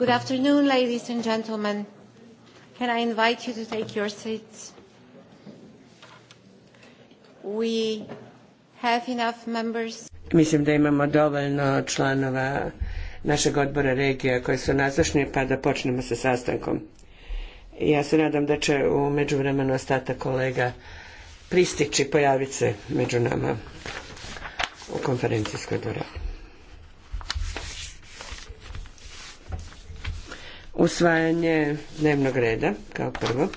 Good afternoon, ladies and gentlemen. Can I invite you to take your seats? We have enough members. Mislim da imamo dovoljno članova našeg odbora regija koji su nazočni, pa da počnemo sa sastankom. Ja se nadam da će u međuvremenu ostatak kolega pristići, pojaviti se među nama u konferencijskoj dvorani. usvajanje dnevnog reda kao prvo.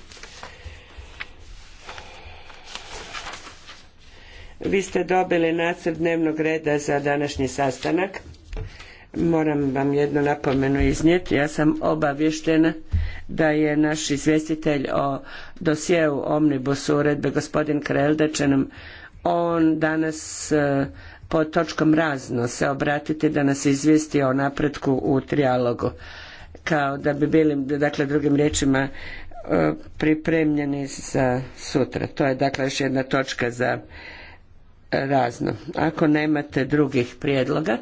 Vi ste dobili nacrt dnevnog reda za današnji sastanak. Moram vam jednu napomenu iznijeti. Ja sam obavještena da je naš izvjestitelj o dosjeu Omnibusu uredbe gospodin Krel će nam on danas e, pod točkom razno se obratiti da nas izvijesti o napretku u trijalogu kao da bi bili, dakle drugim riječima, e, pripremljeni za sutra. To je dakle još jedna točka za razno. Ako nemate drugih prijedloga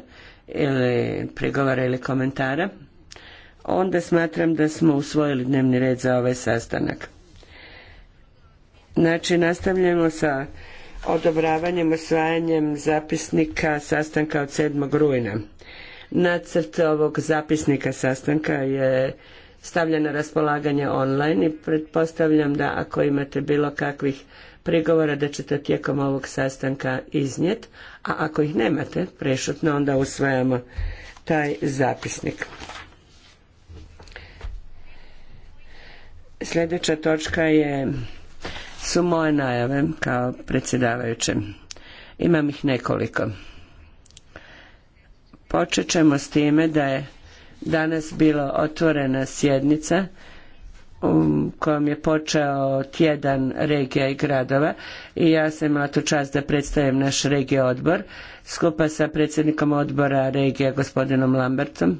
ili prigovara ili komentara, onda smatram da smo usvojili dnevni red za ovaj sastanak. Znači, nastavljamo sa odobravanjem, osvajanjem zapisnika sastanka od 7. rujna. Nacrt ovog zapisnika sastanka je stavljen na raspolaganje online i pretpostavljam da ako imate bilo kakvih prigovora da ćete tijekom ovog sastanka iznijet, a ako ih nemate prešutno onda usvajamo taj zapisnik. Sljedeća točka je su moje najave kao predsjedavajuće. Imam ih nekoliko. Počet ćemo s time da je danas bila otvorena sjednica u um, kojom je počeo tjedan regija i gradova i ja sam imala tu čast da predstavim naš regija odbor skupa sa predsjednikom odbora regija gospodinom Lambertom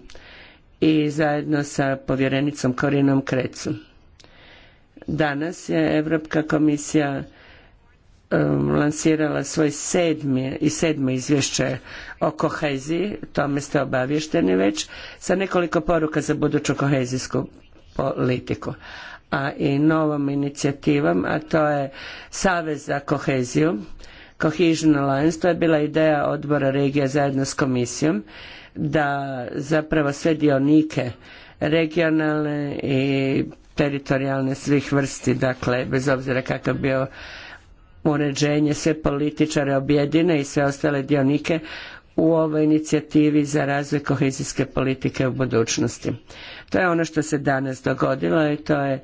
i zajedno sa povjerenicom Korinom Krecu. Danas je Europska komisija Um, lansirala svoj sedmi i sedmo izvješće o koheziji, tome ste obavješteni već, sa nekoliko poruka za buduću kohezijsku politiku. A i novom inicijativom, a to je Savez za koheziju, Cohesion Alliance, to je bila ideja odbora regija zajedno s komisijom, da zapravo sve dionike regionalne i teritorijalne svih vrsti, dakle, bez obzira kakav bio uređenje, sve političare objedine i sve ostale dionike u ovoj inicijativi za razvoj kohezijske politike u budućnosti. To je ono što se danas dogodilo i to je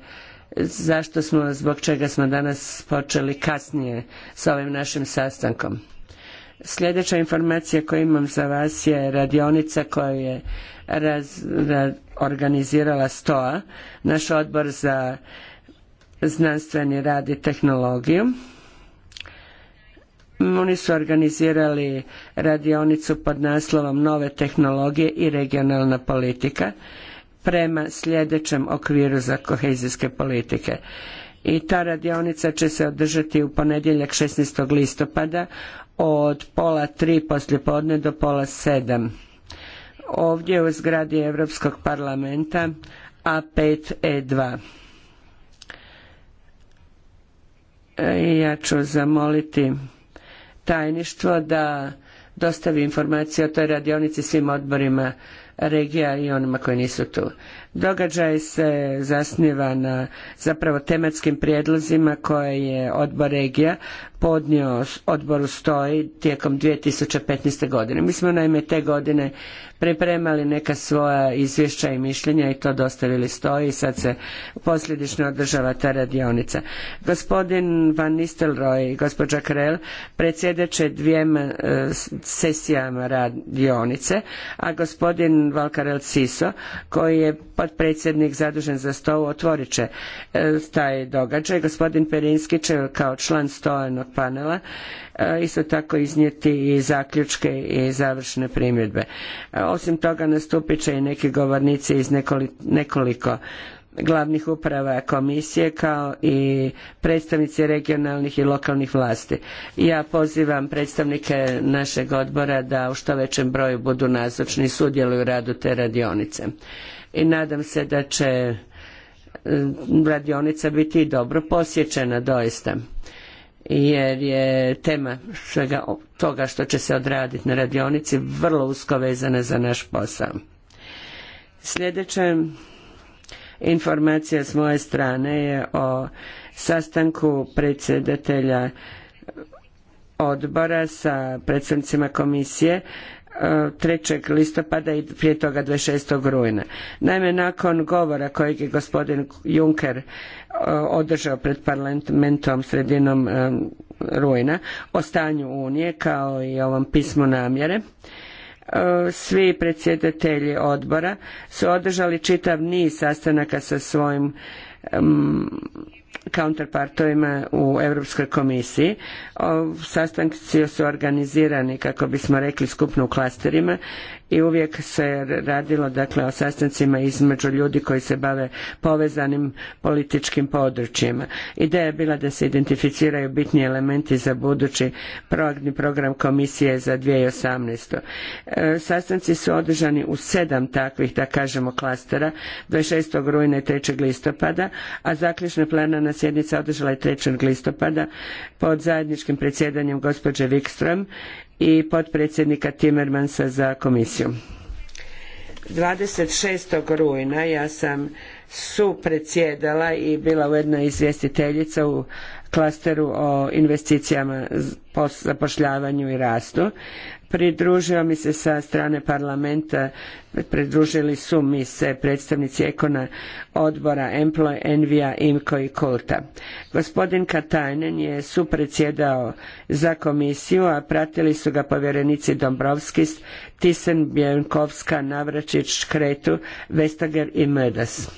zašto smo, zbog čega smo danas počeli kasnije s ovim našim sastankom. Sljedeća informacija koju imam za vas je radionica koju je organizirala STOA, naš odbor za znanstveni rad i tehnologiju. Oni su organizirali radionicu pod naslovom Nove tehnologije i regionalna politika prema sljedećem okviru za kohezijske politike. I ta radionica će se održati u ponedjeljak 16. listopada od pola tri poslijepodne do pola sedam. Ovdje u zgradi Europskog parlamenta A5E2. E ja ću zamoliti tajništvo da dostavi informacije o toj radionici svim odborima regija i onima koji nisu tu. Događaj se zasniva na zapravo tematskim prijedlozima koje je odbor regija podnio odboru stoji tijekom 2015. godine. Mi smo naime te godine pripremali neka svoja izvješća i mišljenja i to dostavili stoji i sad se posljedično održava ta radionica. Gospodin Van Nistelrooy i gospođa Krell predsjedat će dvijema e, sesijama radionice, a gospodin Valkarel Siso koji je potpredsjednik zadužen za stol otvorit će e, taj događaj. Gospodin Perinski će kao član stojanog panela e, isto tako iznijeti i zaključke i završne primjedbe. E, osim toga nastupit će i neki govornici iz nekoliko glavnih uprava komisije kao i predstavnici regionalnih i lokalnih vlasti. Ja pozivam predstavnike našeg odbora da u što većem broju budu nazočni i sudjeluju u radu te radionice i nadam se da će e, radionica biti dobro posjećena doista jer je tema svega toga što će se odraditi na radionici vrlo usko vezana za naš posao. Sljedeća informacija s moje strane je o sastanku predsjedatelja odbora sa predsjednicima komisije 3. listopada i prije toga 26. rujna. Naime, nakon govora kojeg je gospodin Juncker e, održao pred parlamentom sredinom e, rujna o stanju Unije kao i ovom pismu namjere, e, svi predsjedatelji odbora su održali čitav niz sastanaka sa svojim counterpartovima u Europskoj komisiji. Sastanci su organizirani, kako bismo rekli, skupno u klasterima i uvijek se radilo dakle o sastancima između ljudi koji se bave povezanim političkim područjima. Ideja je bila da se identificiraju bitni elementi za budući program komisije za 2018. E, sastanci su održani u sedam takvih, da kažemo, klastera 26. rujna i 3. listopada, a zaključna plenarna sjednica održala je 3. listopada pod zajedničkim predsjedanjem gospođe Wikström i potpredsjednika Timmermansa za komisiju. 26. rujna ja sam supredsjedala i bila jednoj izvjestiteljica u klasteru o investicijama, zapošljavanju i rastu. Pridružio mi se sa strane parlamenta, pridružili su mi se predstavnici ekona odbora Employ, Envija, Imko i Kulta. Gospodin Katajnen je supredsjedao za komisiju, a pratili su ga povjerenici Dombrovski, Tisen, Bjenkovska, Navračić, Kretu, Vestager i Mrdas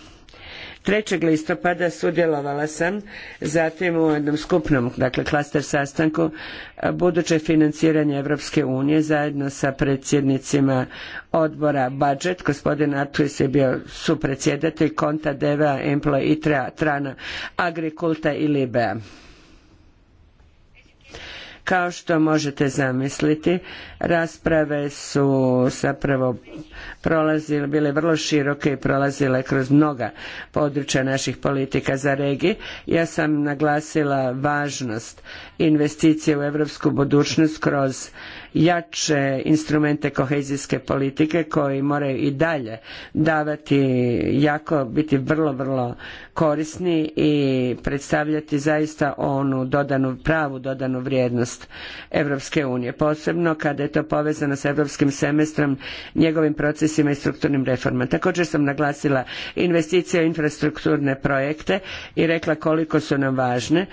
3. listopada sudjelovala sam zatim u jednom skupnom, dakle klaster sastanku buduće financiranje Europske unije zajedno sa predsjednicima odbora budžet, gospodin Artuis je bio supredsjedatelj, Konta, Deva, Employ, ITRA, Trana, Agrikulta i Libea. Kao što možete zamisliti, rasprave su zapravo prolazile, bile vrlo široke i prolazile kroz mnoga područja naših politika za regije. Ja sam naglasila važnost investicije u europsku budućnost kroz jače instrumente kohezijske politike koji moraju i dalje davati jako, biti vrlo, vrlo korisni i predstavljati zaista onu dodanu, pravu dodanu vrijednost Europske unije. Posebno kada je to povezano s europskim semestrom, njegovim procesima i strukturnim reformama. Također sam naglasila investicije u infrastrukturne projekte i rekla koliko su nam važne,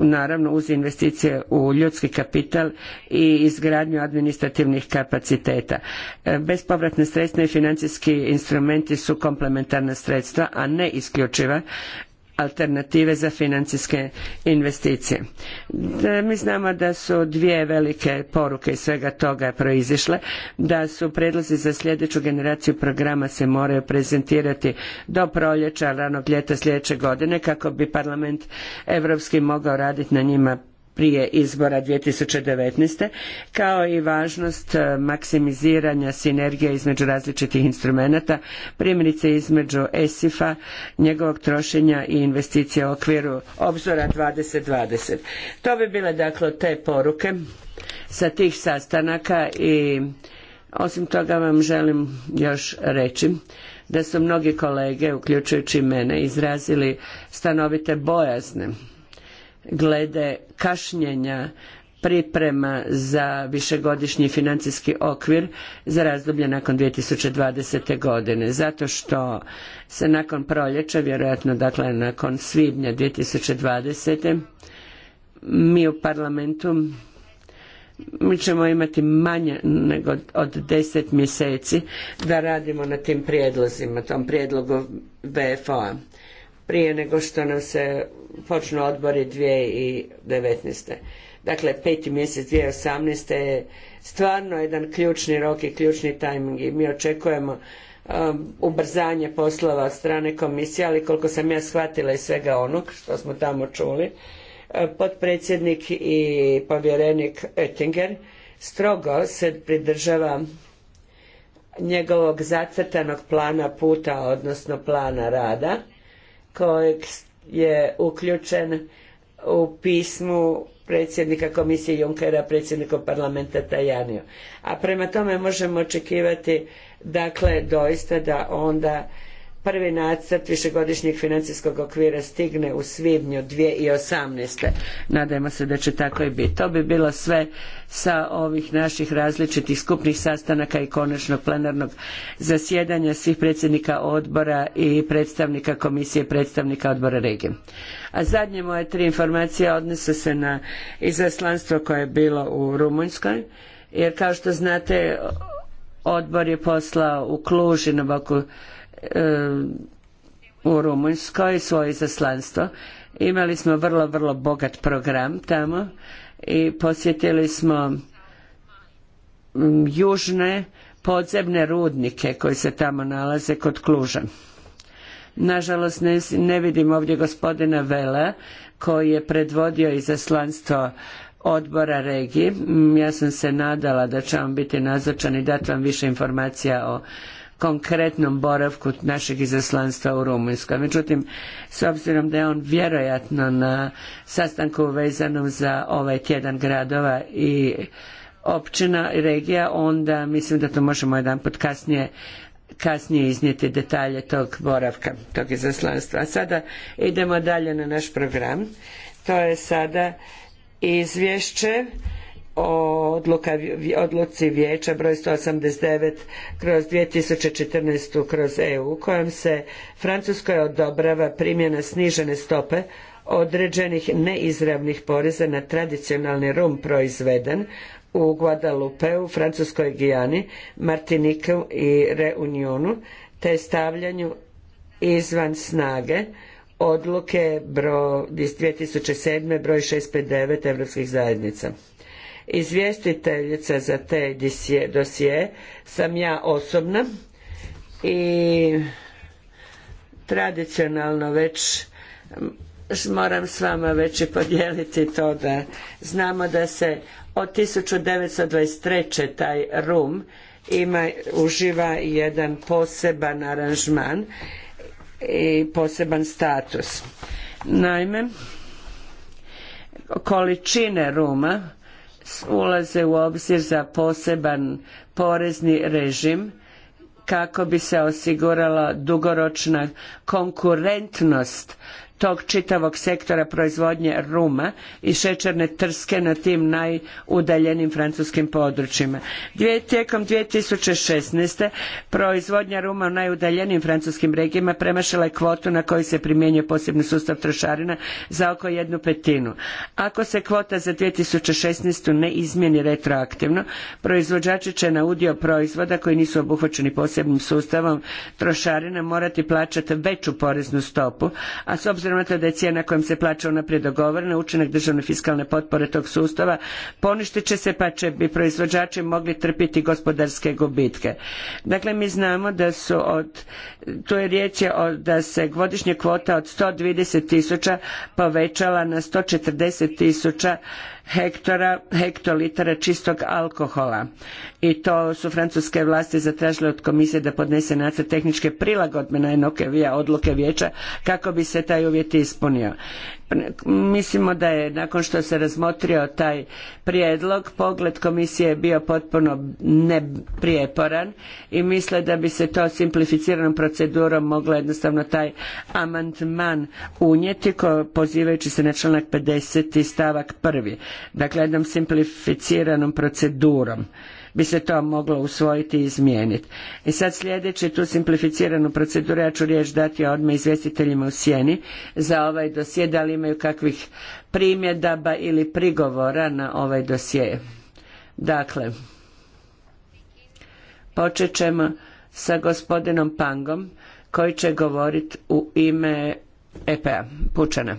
naravno uz investicije u ljudski kapital i izgradnju administrativnih kapaciteta. E, bespovratne sredstva i financijski instrumenti su komplementarna sredstva, a ne isključiva alternative za financijske investicije. mi znamo da su dvije velike poruke iz svega toga proizišle, da su predlozi za sljedeću generaciju programa se moraju prezentirati do proljeća, ranog ljeta sljedeće godine kako bi parlament europski mogao raditi na njima prije izbora 2019. kao i važnost e, maksimiziranja sinergije između različitih instrumenata, primjerice između ESIF-a, njegovog trošenja i investicija u okviru obzora 2020. To bi bile dakle te poruke sa tih sastanaka i osim toga vam želim još reći da su mnogi kolege, uključujući mene, izrazili stanovite bojazne glede kašnjenja priprema za višegodišnji financijski okvir za razdoblje nakon 2020. godine zato što se nakon proljeća vjerojatno dakle nakon svibnja 2020. mi u parlamentu mi ćemo imati manje nego od 10 mjeseci da radimo na tim prijedlozima, tom prijedlogu VFO-a prije nego što nam se počnu odbori 2019. Dakle, peti mjesec 2018. je stvarno jedan ključni rok i ključni tajming i mi očekujemo um, ubrzanje poslova od strane komisije, ali koliko sam ja shvatila iz svega onog što smo tamo čuli, uh, potpredsjednik i povjerenik Oettinger strogo se pridržava njegovog zacrtanog plana puta, odnosno plana rada kojeg je uključen u pismu predsjednika komisije Junckera predsjednikom parlamenta Tajaniju. A prema tome možemo očekivati dakle doista da onda prvi nacrt višegodišnjeg financijskog okvira stigne u svibnju 2018. Nadajmo se da će tako i biti. To bi bilo sve sa ovih naših različitih skupnih sastanaka i konačnog plenarnog zasjedanja svih predsjednika odbora i predstavnika komisije predstavnika odbora regije. A zadnje moje tri informacije odnose se na izaslanstvo koje je bilo u Rumunjskoj, jer kao što znate odbor je poslao u Kluž i na u Rumunjskoj svoje izaslanstvo. Imali smo vrlo, vrlo bogat program tamo i posjetili smo mm, južne podzemne rudnike koji se tamo nalaze kod Kluža. Nažalost ne, vidim ovdje gospodina Vela koji je predvodio izaslanstvo odbora regije. Mm, ja sam se nadala da će on biti nazočan i dati vam više informacija o konkretnom boravku našeg izaslanstva u Rumunjskoj. Međutim, s obzirom da je on vjerojatno na sastanku vezanom za ovaj tjedan gradova i općina i regija, onda mislim da to možemo jedan put kasnije kasnije iznijeti detalje tog boravka, tog izaslanstva. A sada idemo dalje na naš program. To je sada izvješće odluka, odluci vijeća broj 189 kroz 2014 kroz EU kojom se Francuskoj odobrava primjena snižene stope određenih neizravnih poreza na tradicionalni rum proizveden u u Francuskoj Gijani, Martiniku i Reunionu te stavljanju izvan snage odluke bro, iz 2007. broj 659 europskih zajednica. Izvjestiteljica za te dosije sam ja osobna i tradicionalno već moram s vama već i podijeliti to da znamo da se od 1923. taj rum ima, uživa jedan poseban aranžman i poseban status. Naime, količine ruma ulaze u obzir za poseban porezni režim kako bi se osigurala dugoročna konkurentnost tog čitavog sektora proizvodnje ruma i šećerne trske na tim najudaljenim francuskim područjima. Dvije, tijekom 2016. proizvodnja ruma u najudaljenim francuskim regijama premašila je kvotu na koju se primjenjuje posebni sustav trošarina za oko jednu petinu. Ako se kvota za 2016. ne izmjeni retroaktivno, proizvođači će na udio proizvoda koji nisu obuhvaćeni posebnim sustavom trošarina morati plaćati veću poreznu stopu, a s obzirom obzirom da je cijena kojom se plaća unaprijed dogovorena učinak državne fiskalne potpore tog sustava poništit će se pa će bi proizvođači mogli trpiti gospodarske gubitke. Dakle, mi znamo da su od, tu je riječ o, da se godišnja kvota od 120 tisuća povećala na 140 tisuća hektara, hektolitara čistog alkohola. I to su francuske vlasti zatražile od komisije da podnese nacrt tehničke prilagodbe na odluke vijeća kako bi se taj uvjet ispunio. Mislimo da je nakon što se razmotrio taj prijedlog, pogled komisije je bio potpuno neprijeporan i misle da bi se to simplificiranom procedurom moglo jednostavno taj amandman unijeti ko, pozivajući se na članak 50. stavak 1. Dakle, jednom simplificiranom procedurom bi se to moglo usvojiti i izmijeniti. I e sad sljedeće tu simplificiranu proceduru, ja ću riječ dati odmah izvjestiteljima u sjeni za ovaj dosje, da li imaju kakvih primjedaba ili prigovora na ovaj dosje. Dakle, počet ćemo sa gospodinom Pangom koji će govoriti u ime EPA, Pučana.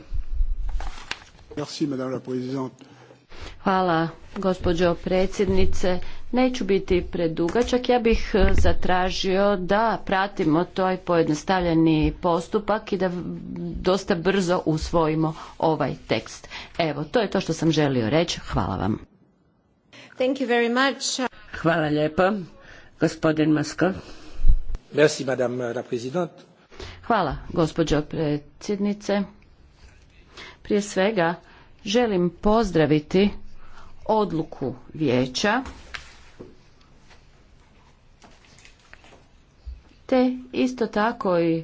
Hvala gospođo predsjednice. Neću biti predugačak, ja bih e, zatražio da pratimo taj pojednostavljeni postupak i da dosta brzo usvojimo ovaj tekst. Evo, to je to što sam želio reći. Hvala vam. Thank you very much. Hvala lijepo. Gospodin Masko. Hvala, gospođo predsjednice. Prije svega, želim pozdraviti odluku vijeća te isto tako i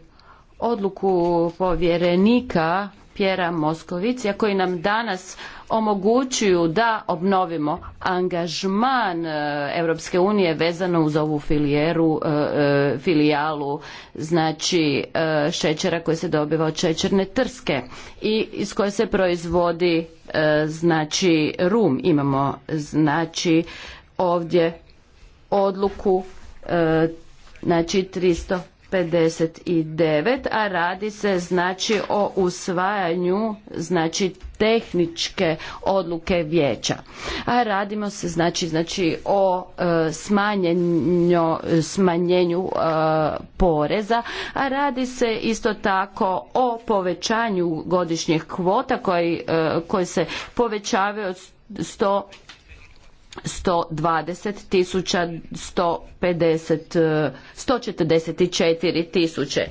odluku povjerenika Pjera Moskovicija koji nam danas omogućuju da obnovimo angažman e, Europske unije vezano uz ovu filijeru, e, e, filijalu znači šećera koji se dobiva od šećerne trske i iz koje se proizvodi znači rum. Imamo znači ovdje odluku znači 359, a radi se znači o usvajanju znači tehničke odluke vijeća. A radimo se znači, znači o e, smanjenju, e, poreza, a radi se isto tako o povećanju godišnjih kvota koji, e, koji se povećavaju od 100 120 tisuća, 150, 144 tisuće.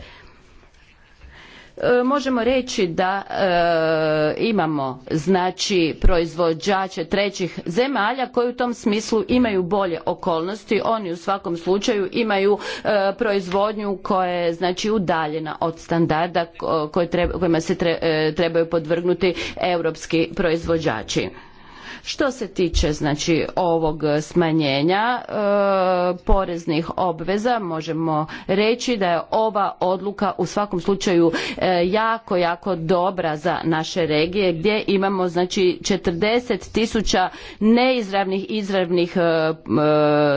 E, možemo reći da e, imamo znači proizvođače trećih zemalja koji u tom smislu imaju bolje okolnosti, oni u svakom slučaju imaju e, proizvodnju koja je znači udaljena od standarda treba, kojima se trebaju podvrgnuti europski proizvođači. Što se tiče znači ovog smanjenja e, poreznih obveza možemo reći da je ova odluka u svakom slučaju e, jako, jako dobra za naše regije gdje imamo znači 40 tisuća neizravnih izravnih e,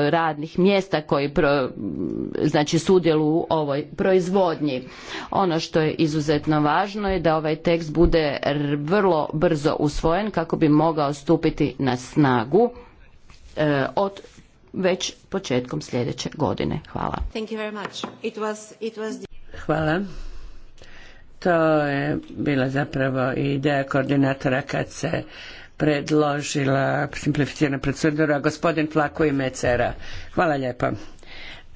radnih mjesta koji pro, znači sudjeluju u ovoj proizvodnji. Ono što je izuzetno važno je da ovaj tekst bude vrlo brzo usvojen kako bi mogao stupiti na snagu e, od već početkom sljedeće godine. Hvala. Thank you very much. It was, it was Hvala. To je bila zapravo ideja koordinatora kad se predložila simplificirana procedura gospodin Flako i Mecera. Hvala lijepo.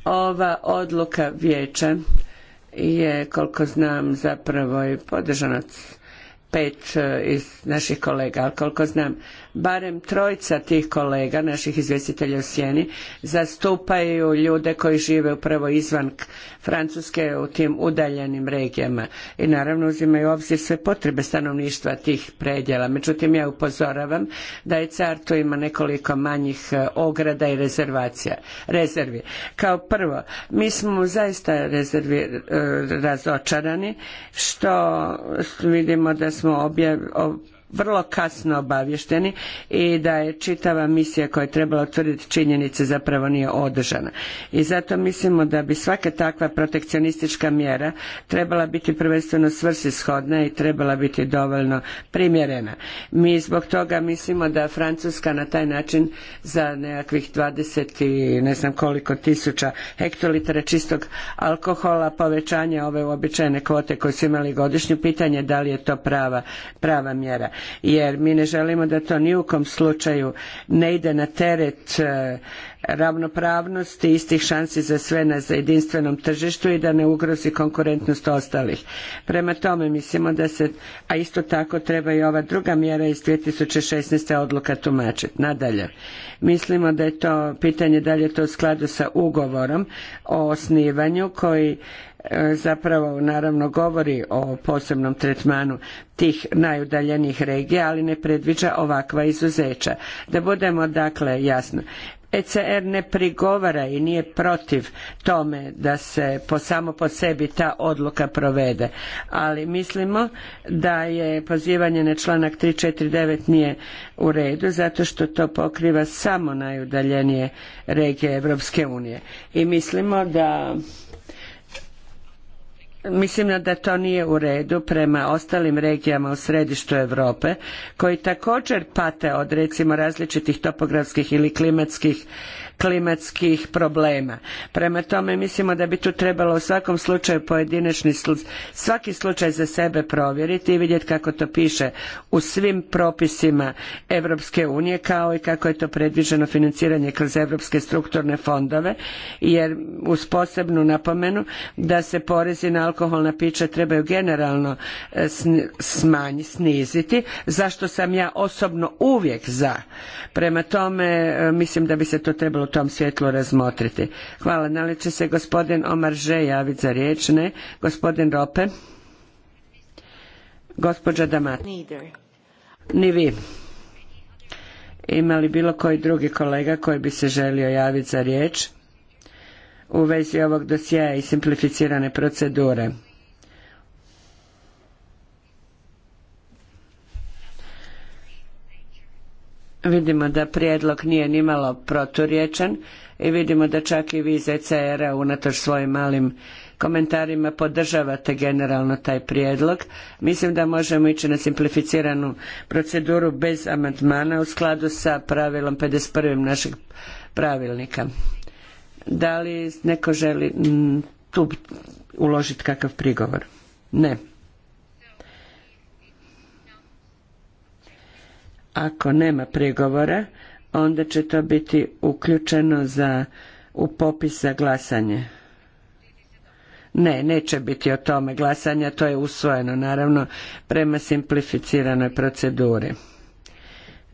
Ova odluka vijeća je koliko znam zapravo i podržana pet e, iz naših kolega, ali koliko znam barem trojica tih kolega, naših izvjestitelja u sjeni, zastupaju ljude koji žive upravo izvan Francuske u tim udaljenim regijama i naravno uzimaju u obzir sve potrebe stanovništva tih predjela. Međutim, ja upozoravam da je car ima nekoliko manjih e, ograda i rezervacija, rezervi. Kao prvo, mi smo zaista rezervi, e, razočarani što vidimo da smo objavili vrlo kasno obavješteni i da je čitava misija koja je trebala utvrditi činjenice zapravo nije održana. I zato mislimo da bi svaka takva protekcionistička mjera trebala biti prvenstveno svrsishodna i trebala biti dovoljno primjerena. Mi zbog toga mislimo da Francuska na taj način za nekakvih 20 i ne znam koliko tisuća hektolitara čistog alkohola povećanje ove uobičajene kvote koje su imali godišnju pitanje da li je to prava, prava mjera jer mi ne želimo da to ni u kom slučaju ne ide na teret e, ravnopravnosti istih šansi za sve na jedinstvenom tržištu i da ne ugrozi konkurentnost ostalih. Prema tome mislimo da se, a isto tako treba i ova druga mjera iz 2016. odluka tumačiti. Nadalje, mislimo da je to pitanje da li je to u skladu sa ugovorom o osnivanju koji zapravo naravno govori o posebnom tretmanu tih najudaljenijih regija, ali ne predviđa ovakva izuzeća. Da budemo dakle jasni. ECR ne prigovara i nije protiv tome da se po samo po sebi ta odluka provede, ali mislimo da je pozivanje na članak 349 nije u redu zato što to pokriva samo najudaljenije regije Europske unije. I mislimo da Mislim da to nije u redu prema ostalim regijama u središtu Europe koji također pate od recimo različitih topografskih ili klimatskih klimatskih problema. Prema tome mislimo da bi tu trebalo u svakom slučaju pojedinačni svaki slučaj za sebe provjeriti i vidjeti kako to piše u svim propisima Europske unije kao i kako je to predviđeno financiranje kroz europske strukturne fondove jer uz posebnu napomenu da se porezi na alkoholna pića trebaju generalno e, smanjiti, sniziti zašto sam ja osobno uvijek za. Prema tome e, mislim da bi se to trebalo tom svjetlu razmotriti. Hvala. Da li će se gospodin Omar Že javiti za riječ? Ne. Gospodin Rope? Gospođa Damat? Ni vi. Ima li bilo koji drugi kolega koji bi se želio javiti za riječ? U vezi ovog dosjeja i simplificirane procedure. Vidimo da prijedlog nije nimalo proturječan i vidimo da čak i vi iz ECR-a unatoč svojim malim komentarima podržavate generalno taj prijedlog. Mislim da možemo ići na simplificiranu proceduru bez amandmana u skladu sa pravilom 51. našeg pravilnika. Da li neko želi mm, tu uložiti kakav prigovor? Ne. Ako nema prigovora, onda će to biti uključeno za, u popis za glasanje. Ne, neće biti o tome glasanja, to je usvojeno naravno prema simplificiranoj proceduri.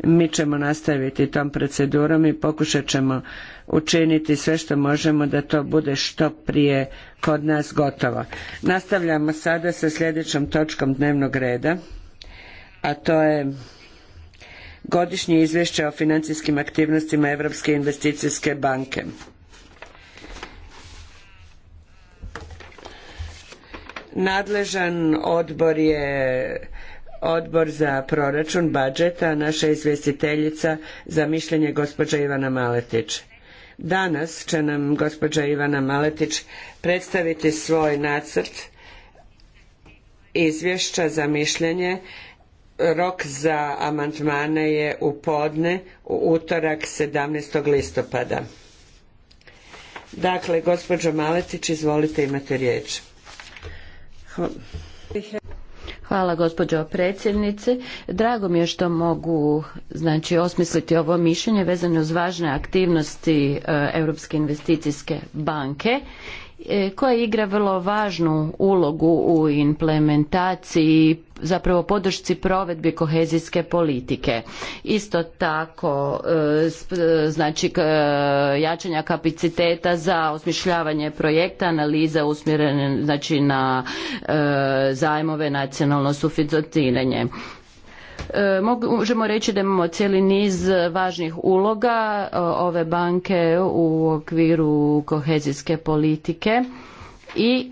Mi ćemo nastaviti tom procedurom i pokušat ćemo učiniti sve što možemo da to bude što prije kod nas gotovo. Nastavljamo sada sa sljedećom točkom dnevnog reda, a to je godišnje izvješće o financijskim aktivnostima Europske investicijske banke. Nadležan odbor je Odbor za proračun budžeta, naša izvjestiteljica za mišljenje gospođa Ivana Maletić. Danas će nam gospođa Ivana Maletić predstaviti svoj nacrt izvješća za mišljenje rok za amandmane je u podne u utorak 17. listopada. Dakle, gospođo Maletić, izvolite, imate riječ. Hvala gospođo predsjednice. Drago mi je što mogu znači osmisliti ovo mišljenje vezano uz važne aktivnosti e, Europske investicijske banke E, koja igra vrlo važnu ulogu u implementaciji zapravo podršci provedbi kohezijske politike. Isto tako e, e, znači jačanja kapaciteta za osmišljavanje projekta, analiza usmjerene znači na zajmove nacionalno sufinanciranje. E, možemo reći da imamo cijeli niz važnih uloga e, ove banke u okviru kohezijske politike i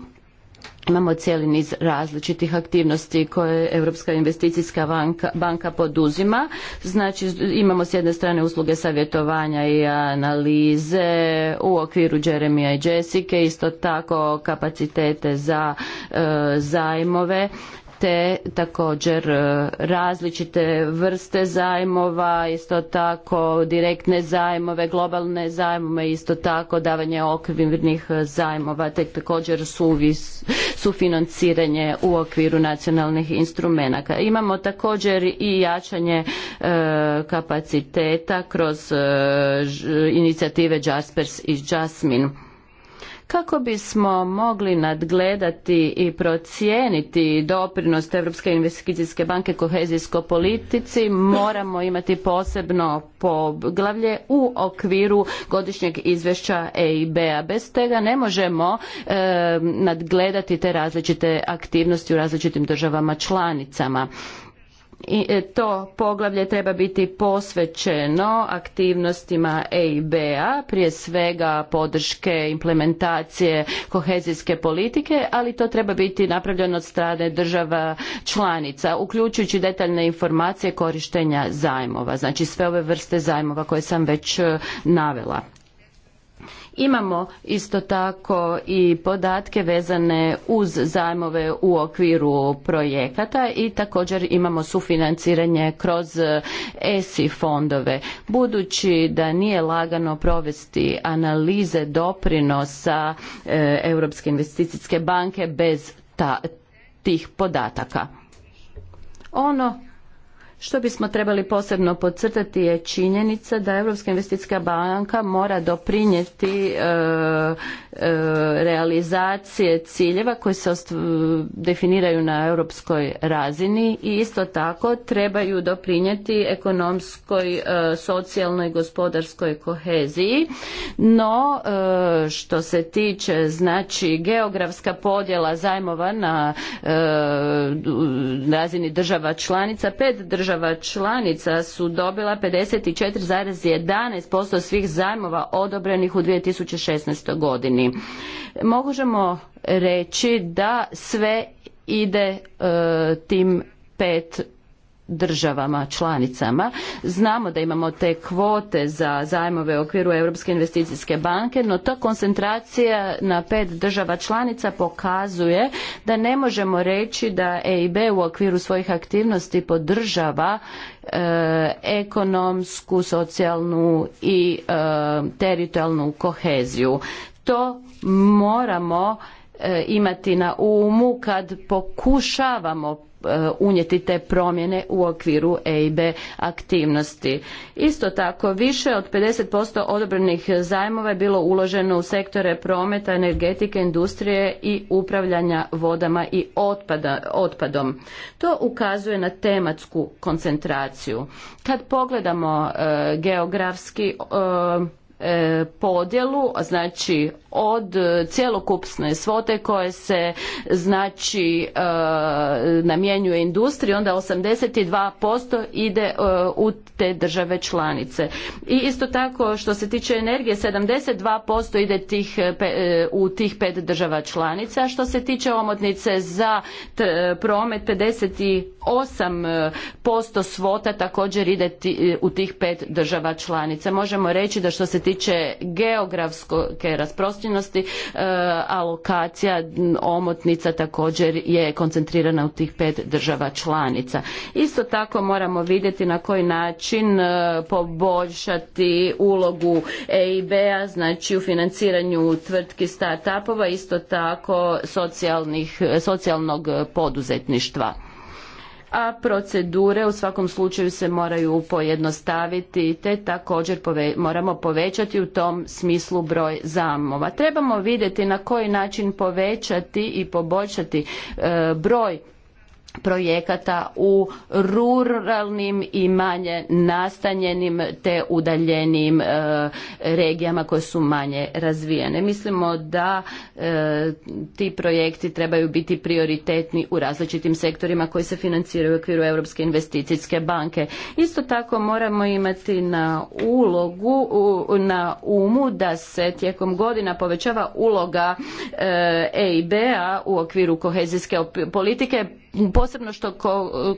imamo cijeli niz različitih aktivnosti koje Europska investicijska banka, poduzima. Znači imamo s jedne strane usluge savjetovanja i analize u okviru Jeremija i Jessica, isto tako kapacitete za e, zajmove te također e, različite vrste zajmova, isto tako direktne zajmove, globalne zajmove, isto tako davanje okvirnih zajmova, te također sufinanciranje u okviru nacionalnih instrumenata. Imamo također i jačanje e, kapaciteta kroz e, inicijative Jaspers i Jasmine kako bismo mogli nadgledati i procijeniti doprinos Europske investicijske banke kohezijskoj politici moramo imati posebno poglavlje u okviru godišnjeg izvješća EIB-a. Bez tega ne možemo e, nadgledati te različite aktivnosti u različitim državama članicama i e, to poglavlje treba biti posvećeno aktivnostima EIB-a, prije svega podrške implementacije kohezijske politike, ali to treba biti napravljeno od strane država članica, uključujući detaljne informacije korištenja zajmova, znači sve ove vrste zajmova koje sam već e, navela. Imamo isto tako i podatke vezane uz zajmove u okviru projekata i također imamo sufinanciranje kroz eh, ESI fondove. Budući da nije lagano provesti analize doprinosa eh, Europske investicijske banke bez tih podataka. Ono što bismo trebali posebno podcrtati je činjenica da Europska investicijska banka mora doprinijeti e, e realizacije ciljeva koji se definiraju na europskoj razini i isto tako trebaju doprinijeti ekonomskoj, e, socijalnoj i gospodarskoj koheziji. No, e, što se tiče znači geografska podjela zajmova na razini država članica, pet država država članica su dobila 54,11% svih zajmova odobrenih u 2016. godini. Možemo reći da sve ide e, tim pet državama članicama. Znamo da imamo te kvote za zajmove u okviru Europske investicijske banke, no ta koncentracija na pet država članica pokazuje da ne možemo reći da EIB u okviru svojih aktivnosti podržava e, ekonomsku, socijalnu i e, teritorijalnu koheziju. To moramo E, imati na umu kad pokušavamo e, unijeti te promjene u okviru EIB aktivnosti. Isto tako, više od 50% odobrenih zajmova je bilo uloženo u sektore prometa, energetike, industrije i upravljanja vodama i otpadom. To ukazuje na tematsku koncentraciju. Kad pogledamo e, geografski podjelu, znači od cjelokupne svote koje se znači e, namjenjuje industriji onda 82% ide e, u te države članice i isto tako što se tiče energije 72% ide posto ide e, u tih pet država članica što se tiče omotnice za pedeset promet 58% svota također ide u tih pet država članica možemo reći da što se tiče geografske rasprosti alokacija e, omotnica također je koncentrirana u tih pet država članica. Isto tako moramo vidjeti na koji način e, poboljšati ulogu EIB-a, znači u financiranju tvrtki start-upova, isto tako socijalnog poduzetništva a procedure u svakom slučaju se moraju pojednostaviti te također moramo povećati u tom smislu broj zamova. Trebamo vidjeti na koji način povećati i poboljšati e, broj projekata u ruralnim i manje nastanjenim te udaljenim e, regijama koje su manje razvijene. Mislimo da e, ti projekti trebaju biti prioritetni u različitim sektorima koji se financiraju u okviru Europske investicijske banke. Isto tako moramo imati na ulogu na umu da se tijekom godina povećava uloga e, EIB-a u okviru kohezijske politike posebno što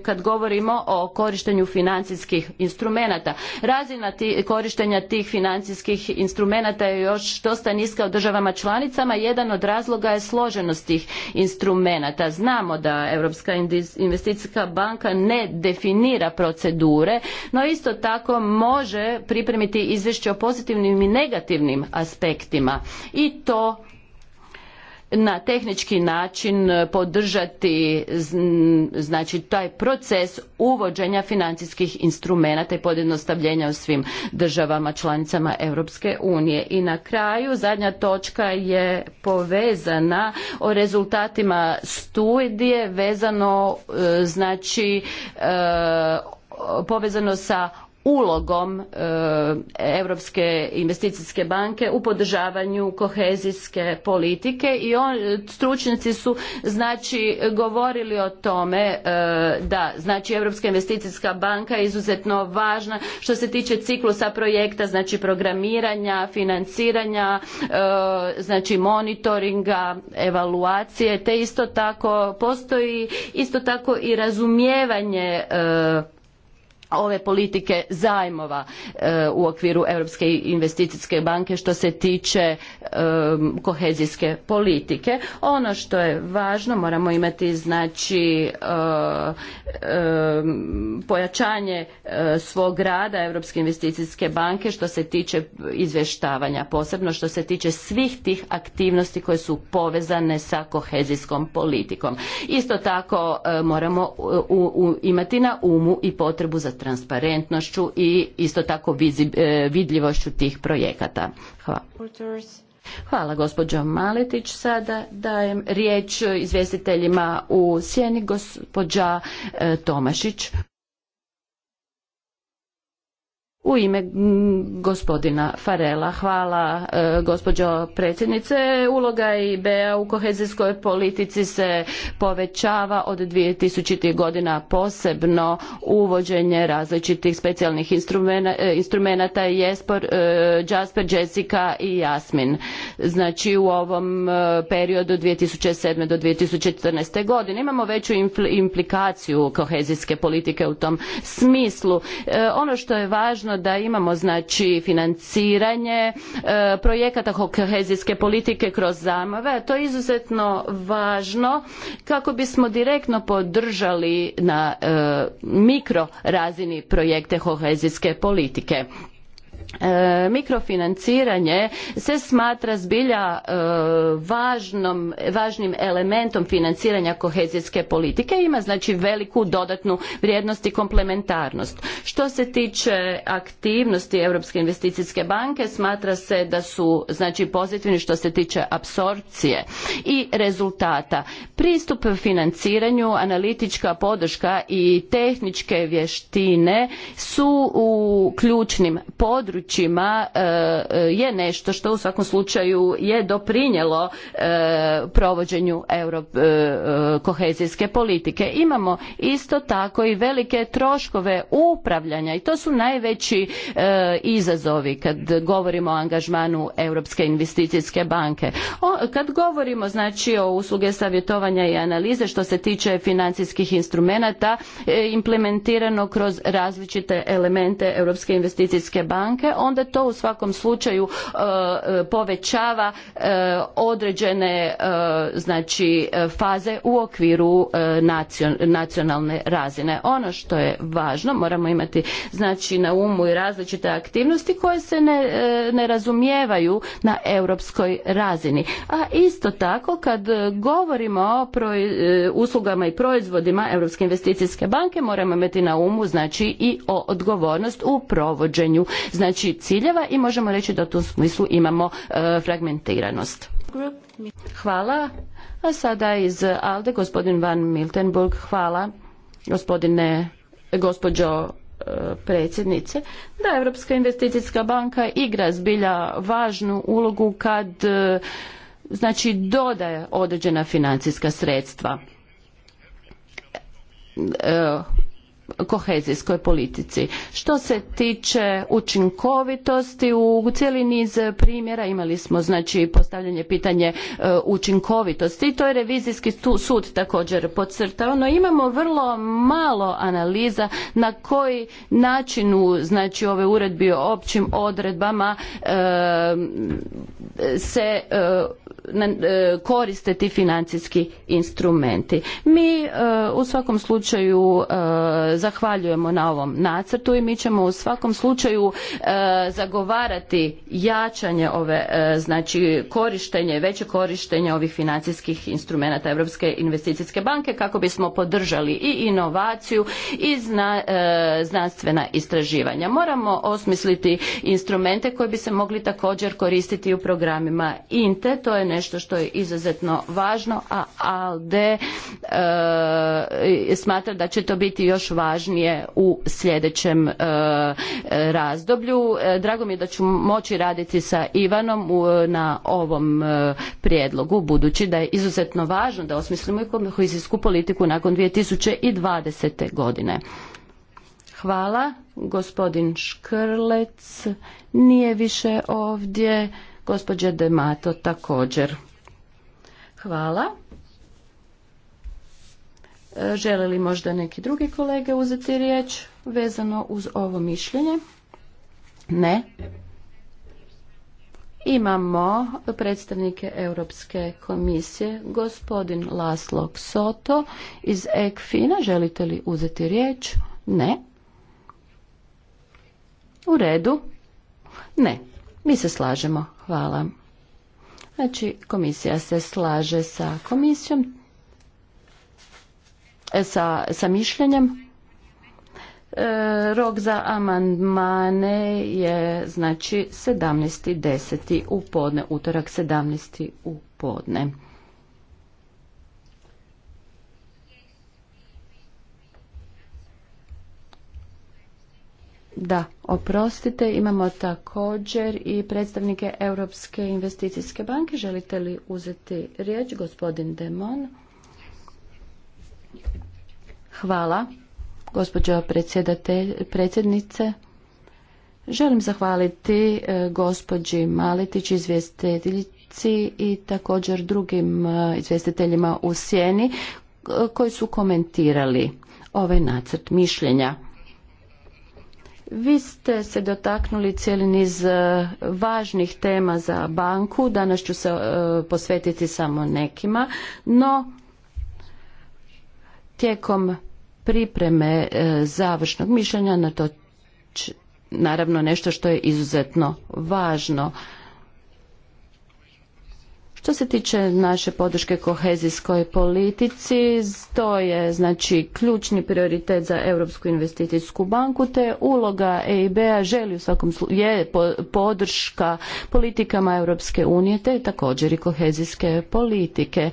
kad govorimo o korištenju financijskih instrumenata. Razina korištenja tih financijskih instrumenata je još dosta niska u državama članicama. Jedan od razloga je složenost tih instrumenata. Znamo da Europska investicijska banka ne definira procedure, no isto tako može pripremiti izvješće o pozitivnim i negativnim aspektima i to na tehnički način podržati znači taj proces uvođenja financijskih instrumenata i pojednostavljenja u svim državama članicama Europske unije. I na kraju zadnja točka je povezana o rezultatima studije vezano e, znači e, povezano sa ulogom e, Europske investicijske banke u podržavanju kohezijske politike i on, stručnjaci su znači govorili o tome e, da znači Europska investicijska banka je izuzetno važna što se tiče ciklusa projekta, znači programiranja, financiranja, e, znači monitoringa, evaluacije, te isto tako postoji isto tako i razumijevanje ove politike zajmova e, u okviru Europske investicijske banke što se tiče e, kohezijske politike. Ono što je važno, moramo imati znači e, pojačanje svog rada Europske investicijske banke što se tiče izvještavanja, posebno što se tiče svih tih aktivnosti koje su povezane sa kohezijskom politikom. Isto tako moramo imati na umu i potrebu za transparentnošću i isto tako e, vidljivošću tih projekata. Hvala. Hvala gospođo Maletić. Sada dajem riječ izvjestiteljima u sjeni gospođa e, Tomašić u ime gospodina Farela. Hvala e, gospođo predsjednice. Uloga IBEA u kohezijskoj politici se povećava od 2000. godina posebno uvođenje različitih specijalnih e, instrumenata Jespor, e, Jasper, Jessica i Jasmin. Znači u ovom periodu 2007. do 2014. godine imamo veću implikaciju kohezijske politike u tom smislu. ono što je važno da imamo znači financiranje e, projekata kohezijske politike kroz zamove. To je izuzetno važno kako bismo direktno podržali na e, mikro razini projekte kohezijske politike. E, mikrofinanciranje se smatra zbilja e, važnim elementom financiranja kohezijske politike ima znači veliku dodatnu vrijednost i komplementarnost. Što se tiče aktivnosti Europske investicijske banke smatra se da su znači pozitivni što se tiče apsorpcije i rezultata. Pristup financiranju, analitička podrška i tehničke vještine su u ključnim područjima područjima e, e, je nešto što u svakom slučaju je doprinijelo e, provođenju euro kohezijske politike. Imamo isto tako i velike troškove upravljanja i to su najveći izazovi kad govorimo o angažmanu Europske investicijske banke. Kad govorimo znači o usluge savjetovanja i analize što se tiče financijskih instrumenata implementirano kroz različite elemente Europske investicijske banke onda to u svakom slučaju e, povećava e, određene e, znači faze u okviru nacionalne razine. Ono što je važno, moramo imati znači na umu i različite aktivnosti koje se ne, razumijevaju na europskoj razini. A isto tako kad govorimo o uslugama i proizvodima Europske investicijske banke moramo imati na umu znači i o odgovornost u provođenju znači ciljeva i možemo reći da u tom smislu imamo e, fragmentiranost. Hvala. A sada iz ALDE gospodin Van Miltenburg. Hvala gospodine, gospođo e, predsjednice da Europska investicijska banka igra zbilja važnu ulogu kad e, znači dodaje određena financijska sredstva kohezijskoj politici. Što se tiče učinkovitosti, u cijeli niz primjera imali smo znači postavljanje pitanje e, učinkovitosti i to je revizijski sud također podcrtao, no imamo vrlo malo analiza na koji način u znači, ove uredbi o općim odredbama e, se e, E, koriste ti financijski instrumenti. Mi e, u svakom slučaju e, zahvaljujemo na ovom nacrtu i mi ćemo u svakom slučaju zagovarati jačanje ove znači korištenje, veće korištenje ovih financijskih instrumenata Europske investicijske banke kako bismo podržali i inovaciju i znanstvena istraživanja. Moramo osmisliti instrumente koji bi se mogli također koristiti u programima INTE, to je nešto što je izuzetno važno, a ALDE smatra da će to biti još važnije u sljedećem e, razdoblju. E, drago mi je da ću moći raditi sa Ivanom na ovom e, prijedlogu, budući da je izuzetno važno da osmislimo i kohezijsku politiku nakon 2020. godine. Hvala. Gospodin Škrlec nije više ovdje. Gospođa Demato također. Hvala. E, žele li možda neki drugi kolege uzeti riječ vezano uz ovo mišljenje? Ne. Imamo predstavnike Europske komisije, gospodin Laslo Soto iz ECFINA. Želite li uzeti riječ? Ne. U redu? Ne. Mi se slažemo. Hvala. Znači, komisija se slaže sa komisijom, e, sa, sa mišljenjem. E, rok za amandmane je znači 17.10. u podne, utorak 17. u podne. Da, oprostite, imamo također i predstavnike Europske investicijske banke. Želite li uzeti riječ, gospodin Demon? Hvala, gospođo predsjednice. Želim zahvaliti e, gospođi Maletić, izvjestiteljici i također drugim e, izvjestiteljima u Sjeni e, koji su komentirali ovaj nacrt mišljenja. Vi ste se dotaknuli cijeli niz e, važnih tema za banku, danas ću se e, posvetiti samo nekima, no tijekom pripreme e, završnog mišljenja na to naravno nešto što je izuzetno važno što se tiče naše podrške kohezijskoj politici, to je znači ključni prioritet za Europsku investicijsku banku, te uloga EIB-a želi u svakom je podrška politikama Europske unije, te također i kohezijske politike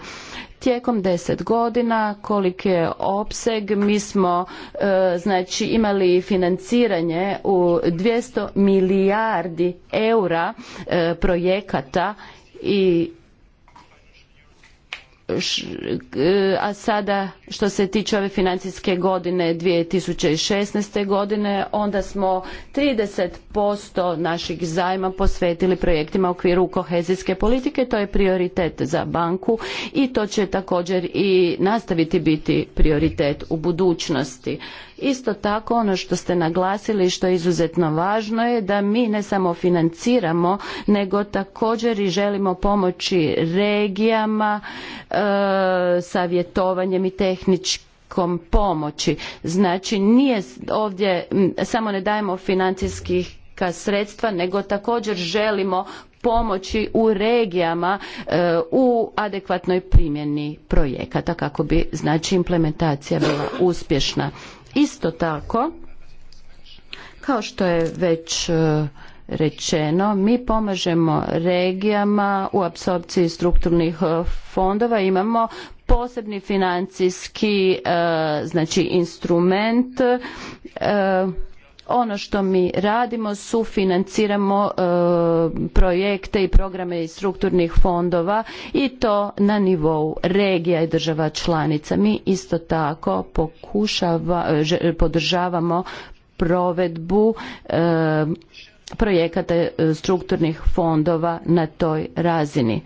tijekom deset godina koliki je opseg mi smo e, znači imali financiranje u 200 milijardi eura e, projekata i a sada što se tiče ove financijske godine 2016. godine onda smo 30% naših zajma posvetili projektima u okviru kohezijske politike to je prioritet za banku i to će također i nastaviti biti prioritet u budućnosti Isto tako ono što ste naglasili što je izuzetno važno je da mi ne samo financiramo nego također i želimo pomoći regijama, e, savjetovanjem i tehničkom pomoći. Znači nije ovdje samo ne dajemo financijskih sredstva nego također želimo pomoći u regijama e, u adekvatnoj primjeni projekata kako bi znači implementacija bila uspješna. Isto tako, kao što je već e, rečeno, mi pomažemo regijama u apsorpciji strukturnih e, fondova, imamo posebni financijski e, znači instrument ono što mi radimo su financiramo e, projekte i programe iz strukturnih fondova i to na nivou regija i država članica mi isto tako e, podržavamo provedbu e, projekata strukturnih fondova na toj razini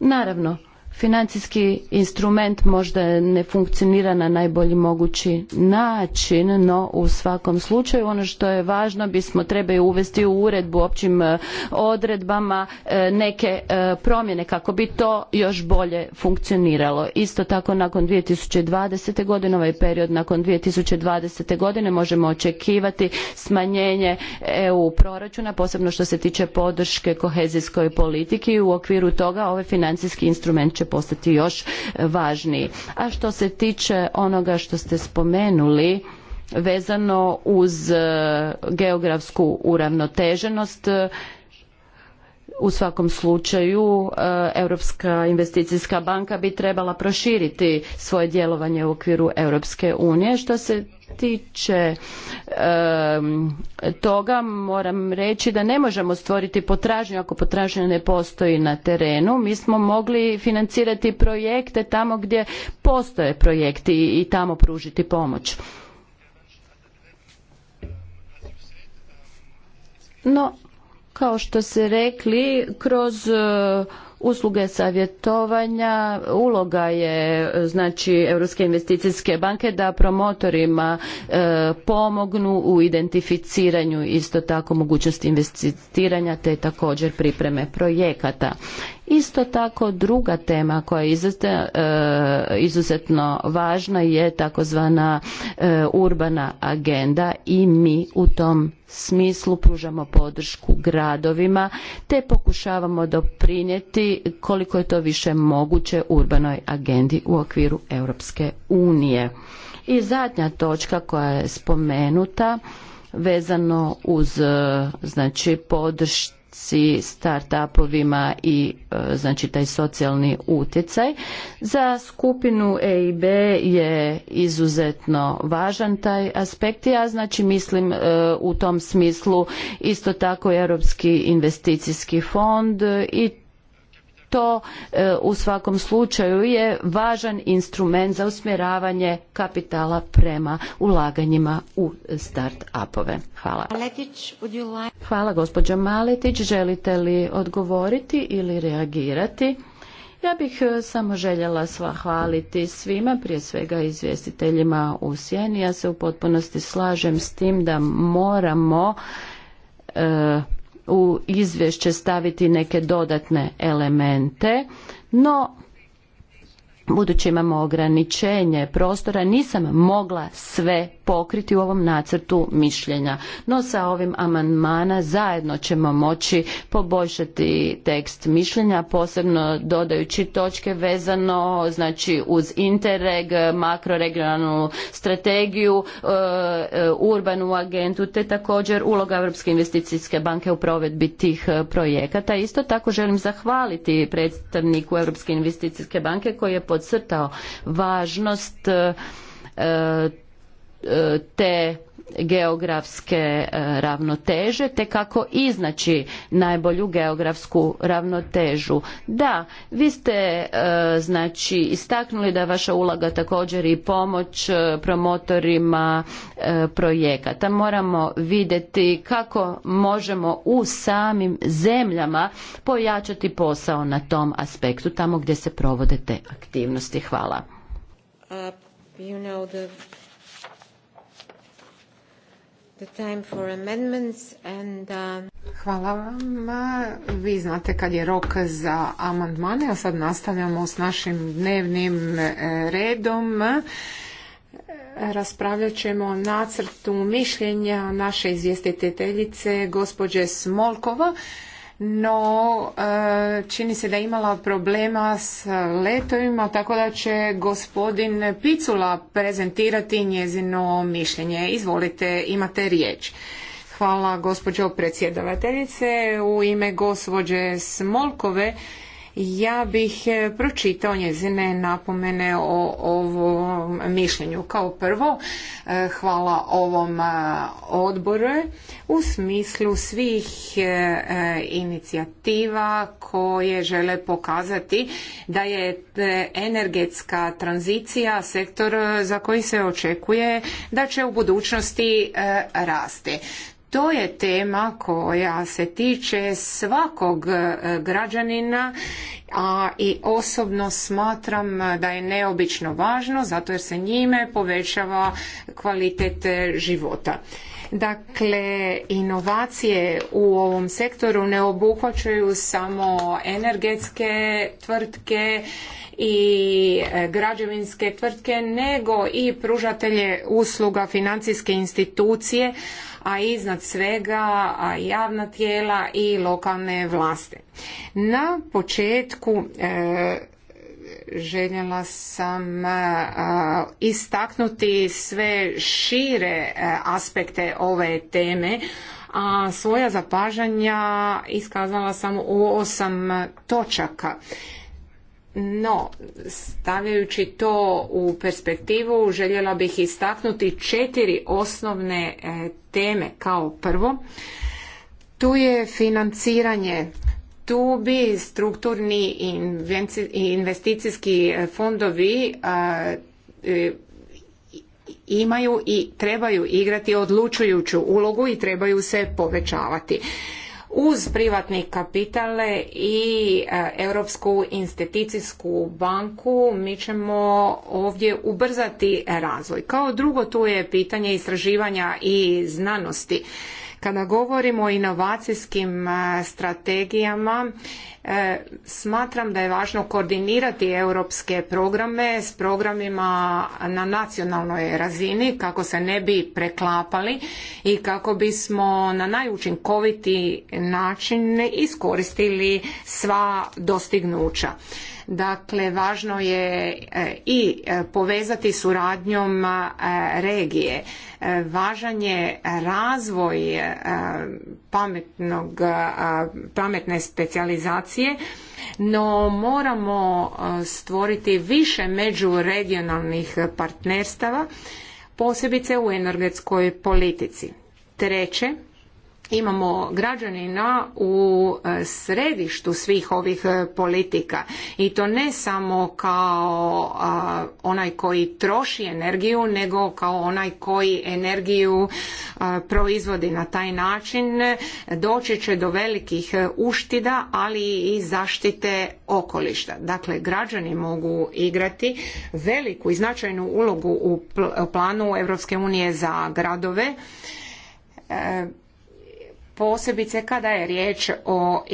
naravno financijski instrument možda ne funkcionira na najbolji mogući način no u svakom slučaju ono što je važno bismo trebali uvesti u uredbu općim e, odredbama e, neke e, promjene kako bi to još bolje funkcioniralo isto tako nakon 2020. godine ovaj period nakon 2020. godine možemo očekivati smanjenje EU proračuna posebno što se tiče podrške kohezijskoj politiki i u okviru toga ovaj financijski instrument će postati još važniji. A što se tiče onoga što ste spomenuli, vezano uz e, geografsku uravnoteženost u svakom slučaju e, Europska investicijska banka bi trebala proširiti svoje djelovanje u okviru Europske unije. Što se tiče e, toga moram reći da ne možemo stvoriti potražnju ako potražnja ne postoji na terenu. Mi smo mogli financirati projekte tamo gdje postoje projekti i tamo pružiti pomoć. No, kao što se rekli, kroz e, usluge savjetovanja uloga je e, znači Europske investicijske banke da promotorima e, pomognu u identificiranju isto tako mogućnosti investiranja te također pripreme projekata. Isto tako druga tema koja je e, izuzetno važna je takozvana e, urbana agenda i mi u tom smislu pružamo podršku gradovima te pokušavamo doprinijeti koliko je to više moguće urbanoj agendi u okviru Europske unije. I zadnja točka koja je spomenuta vezano uz e, znači podršku start startupovima i e, znači taj socijalni utjecaj. Za skupinu EIB je izuzetno važan taj aspekt. Ja znači mislim e, u tom smislu isto tako Europski investicijski fond i to e, u svakom slučaju je važan instrument za usmjeravanje kapitala prema ulaganjima u start-upove. Hvala. Hvala gospođo Maletić. Želite li odgovoriti ili reagirati? Ja bih e, samo željela zahvaliti svima, prije svega izvjestiteljima u Sjeni. Ja se u potpunosti slažem s tim da moramo e, u izvješće staviti neke dodatne elemente, no budući imamo ograničenje prostora nisam mogla sve pokriti u ovom nacrtu mišljenja no sa ovim amandmana zajedno ćemo moći poboljšati tekst mišljenja posebno dodajući točke vezano znači uz interreg makroregionalnu strategiju e, e, urbanu agentu te također uloga europske investicijske banke u provedbi tih e, projekata isto tako želim zahvaliti predstavniku europske investicijske banke koji je pod podcrtao važnost e, e, te geografske e, ravnoteže te kako iznaći najbolju geografsku ravnotežu. Da, vi ste e, znači istaknuli da je vaša uloga također i pomoć e, promotorima projekata. Moramo vidjeti kako možemo u samim zemljama pojačati posao na tom aspektu tamo gdje se provode te aktivnosti. Hvala. Uh, the um, Hvala vam. Vi znate kad je rok za amandmane, a sad nastavljamo s našim dnevnim e, redom. Raspravljat ćemo o nacrtu mišljenja naše izvjestiteljice gospođe Smolkova no e, čini se da je imala problema s letovima, tako da će gospodin Picula prezentirati njezino mišljenje. Izvolite, imate riječ. Hvala gospođo predsjedavateljice. U ime gospođe Smolkove ja bih e, pročitao njezine napomene o ovom mišljenju. Kao prvo, e, hvala ovom e, odboru u smislu svih inicijativa koje žele pokazati da je energetska tranzicija sektor za koji se očekuje da će u budućnosti rasti to je tema koja se tiče svakog e, građanina a i osobno smatram da je neobično važno zato jer se njime povećava kvalitet e, života. Dakle, inovacije u ovom sektoru ne obuhvaćaju samo energetske tvrtke i e, građevinske tvrtke, nego i pružatelje usluga financijske institucije, a iznad svega javna tijela i lokalne vlasti. Na početku e, željela sam e, istaknuti sve šire e, aspekte ove teme, a svoja zapažanja iskazala sam u osam točaka. No, stavljajući to u perspektivu, željela bih istaknuti četiri osnovne e, teme kao prvo. Tu je financiranje tu bi strukturni investicijski fondovi e, imaju i trebaju igrati odlučujuću ulogu i trebaju se povećavati uz privatni kapitale i e, Europsku institucijsku banku mi ćemo ovdje ubrzati razvoj. Kao drugo tu je pitanje istraživanja i znanosti. Kada govorimo o inovacijskim e, strategijama, e, smatram da je važno koordinirati europske programe s programima na nacionalnoj razini kako se ne bi preklapali i kako bismo na najučinkoviti način iskoristili sva dostignuća. Dakle, važno je e, i e, povezati suradnjom e, regije. Važan je razvoj pametnog, pametne specijalizacije, no moramo stvoriti više međuregionalnih partnerstava, posebice u energetskoj politici. Treće, imamo građanina u e, središtu svih ovih e, politika i to ne samo kao onaj koji troši energiju nego kao onaj koji energiju proizvodi na taj način doći će do velikih e, uštida ali i zaštite okoliša. Dakle, građani mogu igrati veliku i značajnu ulogu u planu Europske unije za gradove posebice kada je riječ o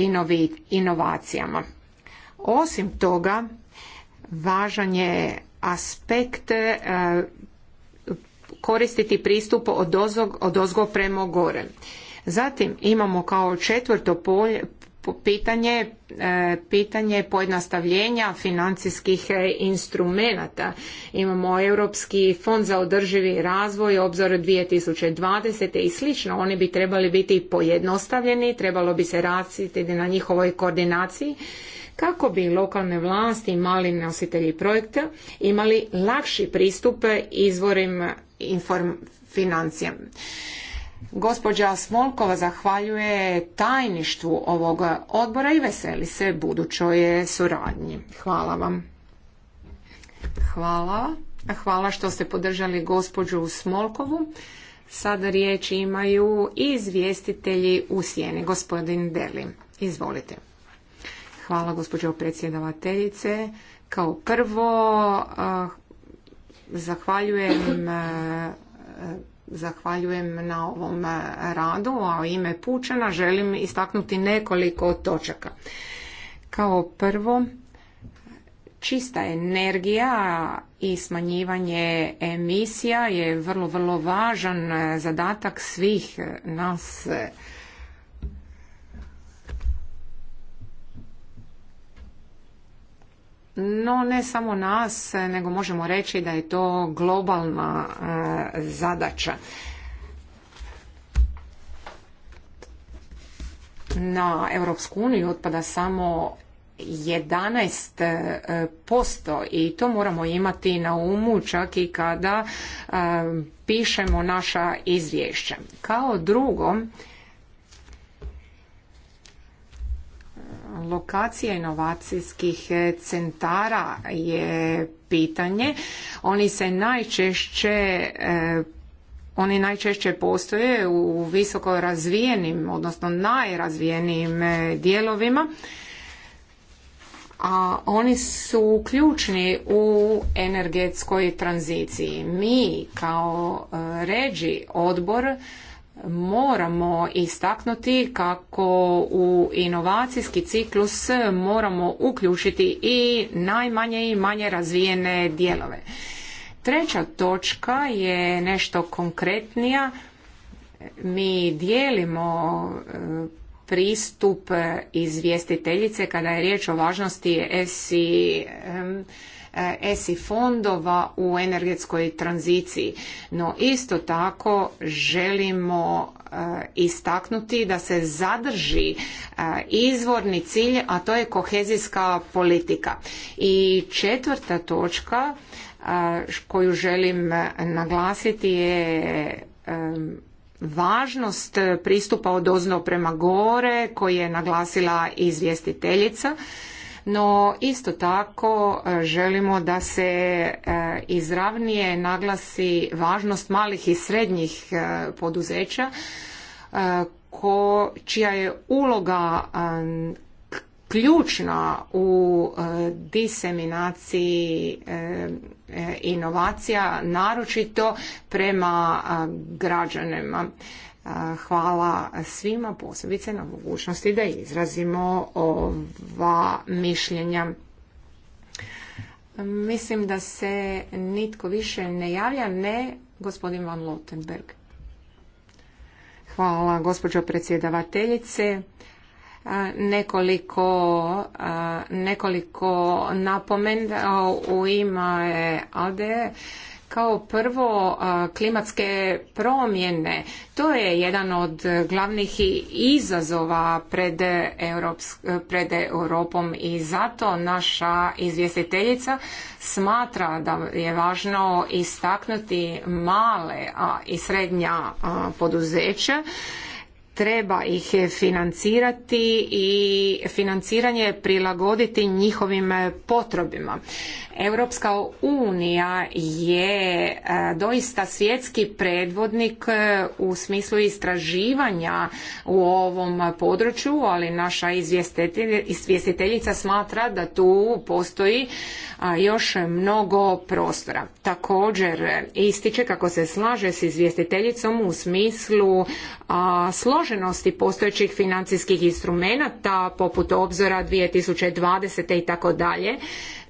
inovacijama. Osim toga, važan je aspekt e, koristiti pristup od ozgo prema gore. Zatim imamo kao četvrto polje, pitanje, e, pitanje pojednostavljenja financijskih e, instrumenata. Imamo Europski fond za održivi razvoj, obzor 2020. i slično. Oni bi trebali biti pojednostavljeni, trebalo bi se raditi na njihovoj koordinaciji kako bi lokalne vlasti i mali nositelji projekta imali lakši pristup izvorim financija. financijama. Gospođa Smolkova zahvaljuje tajništvu ovog odbora i veseli se budućoj suradnji. Hvala vam. Hvala. Hvala što ste podržali gospođu Smolkovu. Sada riječ imaju i izvjestitelji u sjeni. Gospodin Deli, izvolite. Hvala gospođo predsjedavateljice. Kao prvo, eh, zahvaljujem eh, zahvaljujem na ovom e, radu, a u ime Pučana želim istaknuti nekoliko točaka. Kao prvo, čista energija i smanjivanje emisija je vrlo, vrlo važan e, zadatak svih nas No ne samo nas, nego možemo reći da je to globalna e, zadaća. Na Europsku uniju otpada samo 11% e, i to moramo imati na umu čak i kada e, pišemo naša izvješća. Kao drugo, Lokacija inovacijskih e, centara je pitanje. Oni se najčešće e, oni najčešće postoje u visoko razvijenim, odnosno najrazvijenijim e, dijelovima, a oni su ključni u energetskoj tranziciji. Mi kao ređi odbor moramo istaknuti kako u inovacijski ciklus moramo uključiti i najmanje i manje razvijene dijelove. Treća točka je nešto konkretnija. Mi dijelimo e, pristup izvjestiteljice kada je riječ o važnosti SI E, ESI fondova u energetskoj tranziciji. No isto tako želimo e, istaknuti da se zadrži e, izvorni cilj, a to je kohezijska politika. I četvrta točka koju želim naglasiti je važnost pristupa od ozno prema gore koji je naglasila izvjestiteljica no isto tako e, želimo da se e, izravnije naglasi važnost malih i srednjih e, poduzeća ko, čija je uloga ključna u diseminaciji inovacija, naročito prema građanima. Hvala svima posebice na mogućnosti da izrazimo ova mišljenja. Mislim da se nitko više ne javlja, ne gospodin Van Lotenberg. Hvala gospođo predsjedavateljice. Nekoliko, nekoliko napomena u ime ADE kao prvo, klimatske promjene. To je jedan od glavnih izazova pred, Europom i zato naša izvjestiteljica smatra da je važno istaknuti male i srednja poduzeća treba ih financirati i financiranje prilagoditi njihovim potrebama. Europska unija je e, doista svjetski predvodnik e, u smislu istraživanja u ovom području, ali naša izvjestiteljica smatra da tu postoji još mnogo prostora. Također e, ističe kako se slaže s izvjestiteljicom u smislu složenosti složenosti postojećih financijskih instrumenata poput obzora 2020. i tako dalje.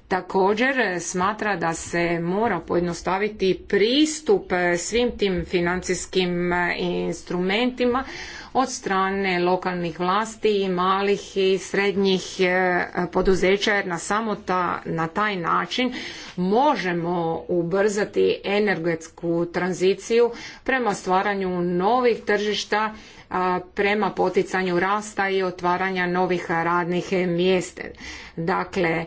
Također smatra da se mora pojednostaviti pristup svim tim financijskim instrumentima od strane lokalnih vlasti i malih i srednjih e, poduzeća jer na samo ta, na taj način možemo ubrzati energetsku tranziciju prema stvaranju novih tržišta prema poticanju rasta i otvaranja novih radnih mjesta. Dakle,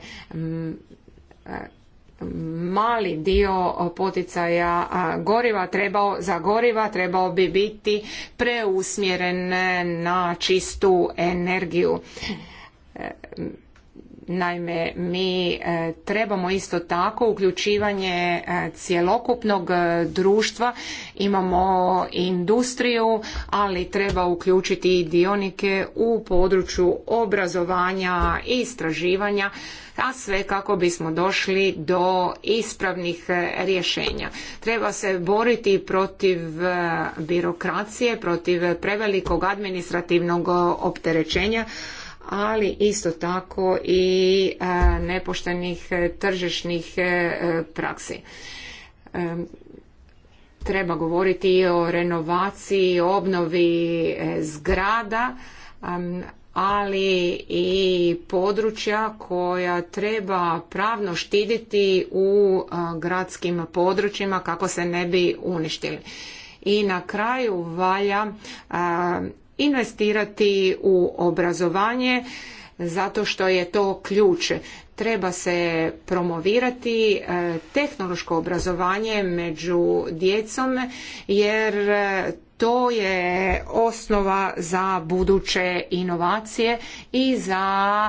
mali dio poticaja goriva trebao, za goriva trebao bi biti preusmjeren na čistu energiju e, Naime, mi e, trebamo isto tako uključivanje e, cjelokupnog e, društva, imamo industriju, ali treba uključiti i dionike u području obrazovanja i istraživanja, a sve kako bismo došli do ispravnih rješenja. Treba se boriti protiv birokracije, protiv prevelikog administrativnog opterećenja, ali isto tako i nepoštenih e, tržišnih e, praksi e, treba govoriti i o renovaciji, obnovi zgrada, ali i područja koja treba pravno štititi u gradskim područjima kako se ne bi uništili. I na kraju valja investirati u obrazovanje zato što je to ključ. Treba se promovirati e, tehnološko obrazovanje među djecom jer e, to je osnova za buduće inovacije i za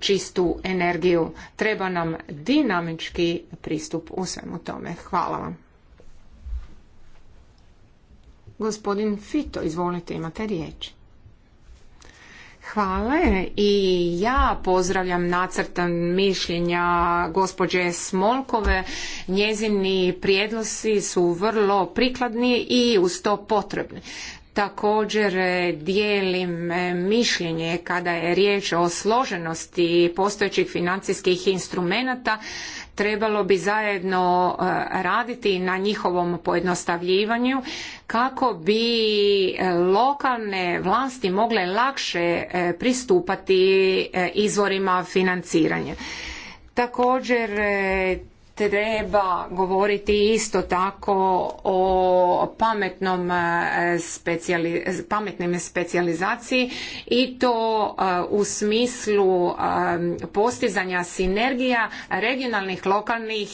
čistu energiju. Treba nam dinamički pristup u svemu tome. Hvala vam. Gospodin Fito, izvolite, imate riječ. Hvala i ja pozdravljam nacrtan mišljenja gospođe Smolkove. Njezini prijedlosi su vrlo prikladni i uz to potrebni. Također e, dijelim e, mišljenje kada je riječ o složenosti postojećih financijskih instrumenata trebalo bi zajedno e, raditi na njihovom pojednostavljivanju kako bi e, lokalne vlasti mogle lakše e, pristupati izvorima financiranja. Također treba govoriti isto tako o pametnom e, specijali, pametnim specijalizaciji i to e, u smislu e, postizanja sinergija regionalnih, lokalnih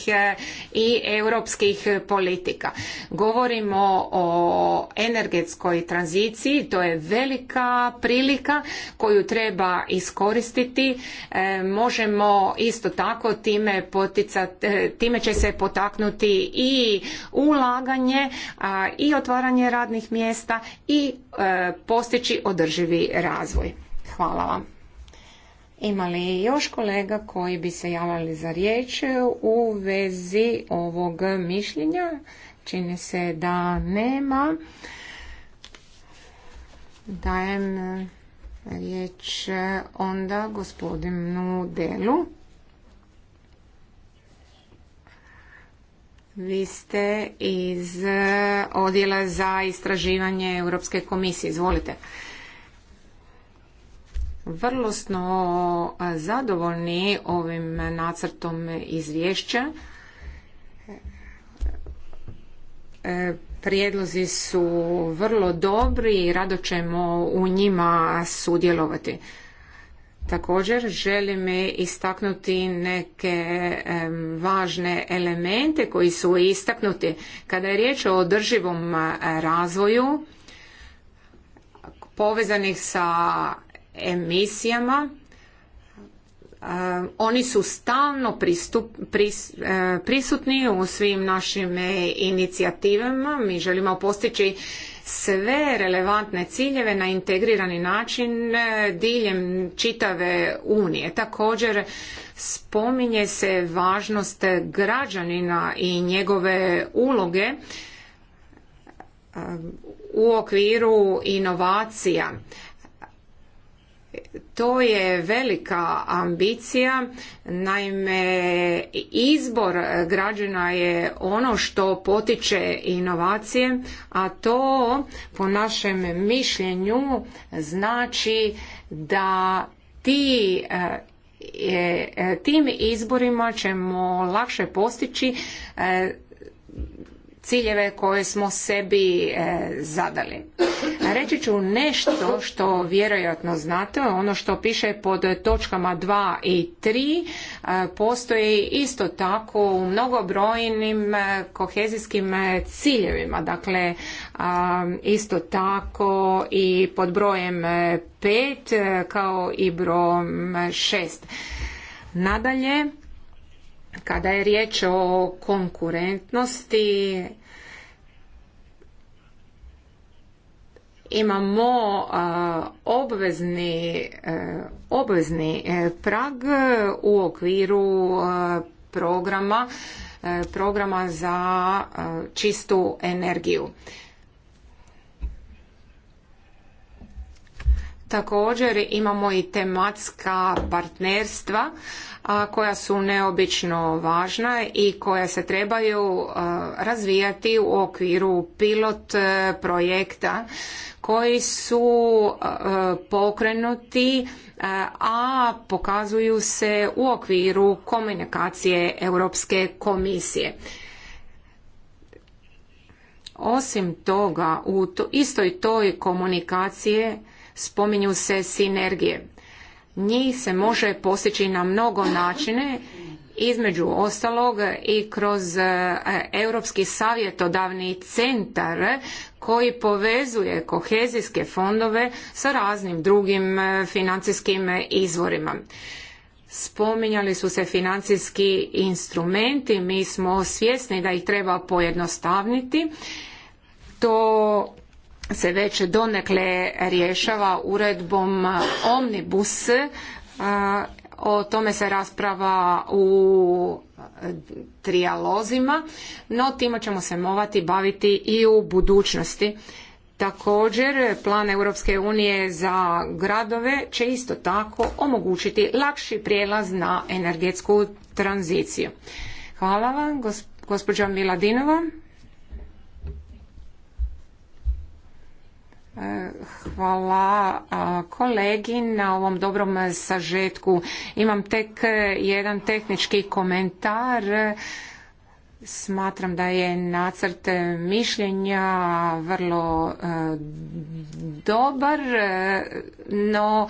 i europskih politika. Govorimo o energetskoj tranziciji, to je velika prilika koju treba iskoristiti. Možemo isto tako time poticati time će se potaknuti i ulaganje i otvaranje radnih mjesta i e, postići održivi razvoj. Hvala vam. Ima li još kolega koji bi se javali za riječ u vezi ovog mišljenja? Čini se da nema. Dajem e, riječ e, onda gospodinu Delu. Vi ste iz eh, odjela za istraživanje Europske komisije. Izvolite. Vrlo smo eh, zadovoljni ovim nacrtom izvješća. Eh, prijedlozi su vrlo dobri i rado ćemo u njima sudjelovati. Također želim istaknuti neke važne elemente koji su istaknuti kada je riječ o održivom e, razvoju povezanih sa emisijama. Oni su stalno e, prisutni u svim našim e, inicijativama. Mi želimo postići sve relevantne ciljeve na integrirani način e, diljem čitave unije. Također spominje se važnost građanina i njegove uloge e, u okviru inovacija to je velika ambicija, naime izbor građana je ono što potiče inovacije, a to po našem mišljenju znači da ti e, e, tim izborima ćemo lakše postići e, ciljeve koje smo sebi e, zadali. Reći ću nešto što vjerojatno znate, ono što piše pod točkama 2 i 3 e, postoji isto tako u mnogobrojnim e, kohezijskim ciljevima. Dakle, isto tako i pod brojem 5 kao i brojem 6. Nadalje, kada je riječ o konkurentnosti, imamo obvezni, e, obvezni e, prag u okviru e, programa programa za čistu energiju. Također imamo i tematska partnerstva a koja su neobično važna i koja se trebaju uh, razvijati u okviru pilot uh, projekta koji su uh, pokrenuti a pokazuju se u okviru komunikacije Europske komisije. Osim toga, u istoj toj komunikacije spominju se sinergije njih se može postići na mnogo načine, između ostalog i kroz e, Europski savjetodavni centar koji povezuje kohezijske fondove sa raznim drugim e, financijskim izvorima. Spominjali su se financijski instrumenti, mi smo svjesni da ih treba pojednostavniti. To se već donekle rješava uredbom Omnibus. O tome se rasprava u trijalozima, no time ćemo se movati baviti i u budućnosti. Također, plan Europske unije za gradove će isto tako omogućiti lakši prijelaz na energetsku tranziciju. Hvala vam, gospođa Miladinova. Hvala kolegi na ovom dobrom sažetku. Imam tek jedan tehnički komentar. Smatram da je nacrt mišljenja vrlo e, dobar, e, no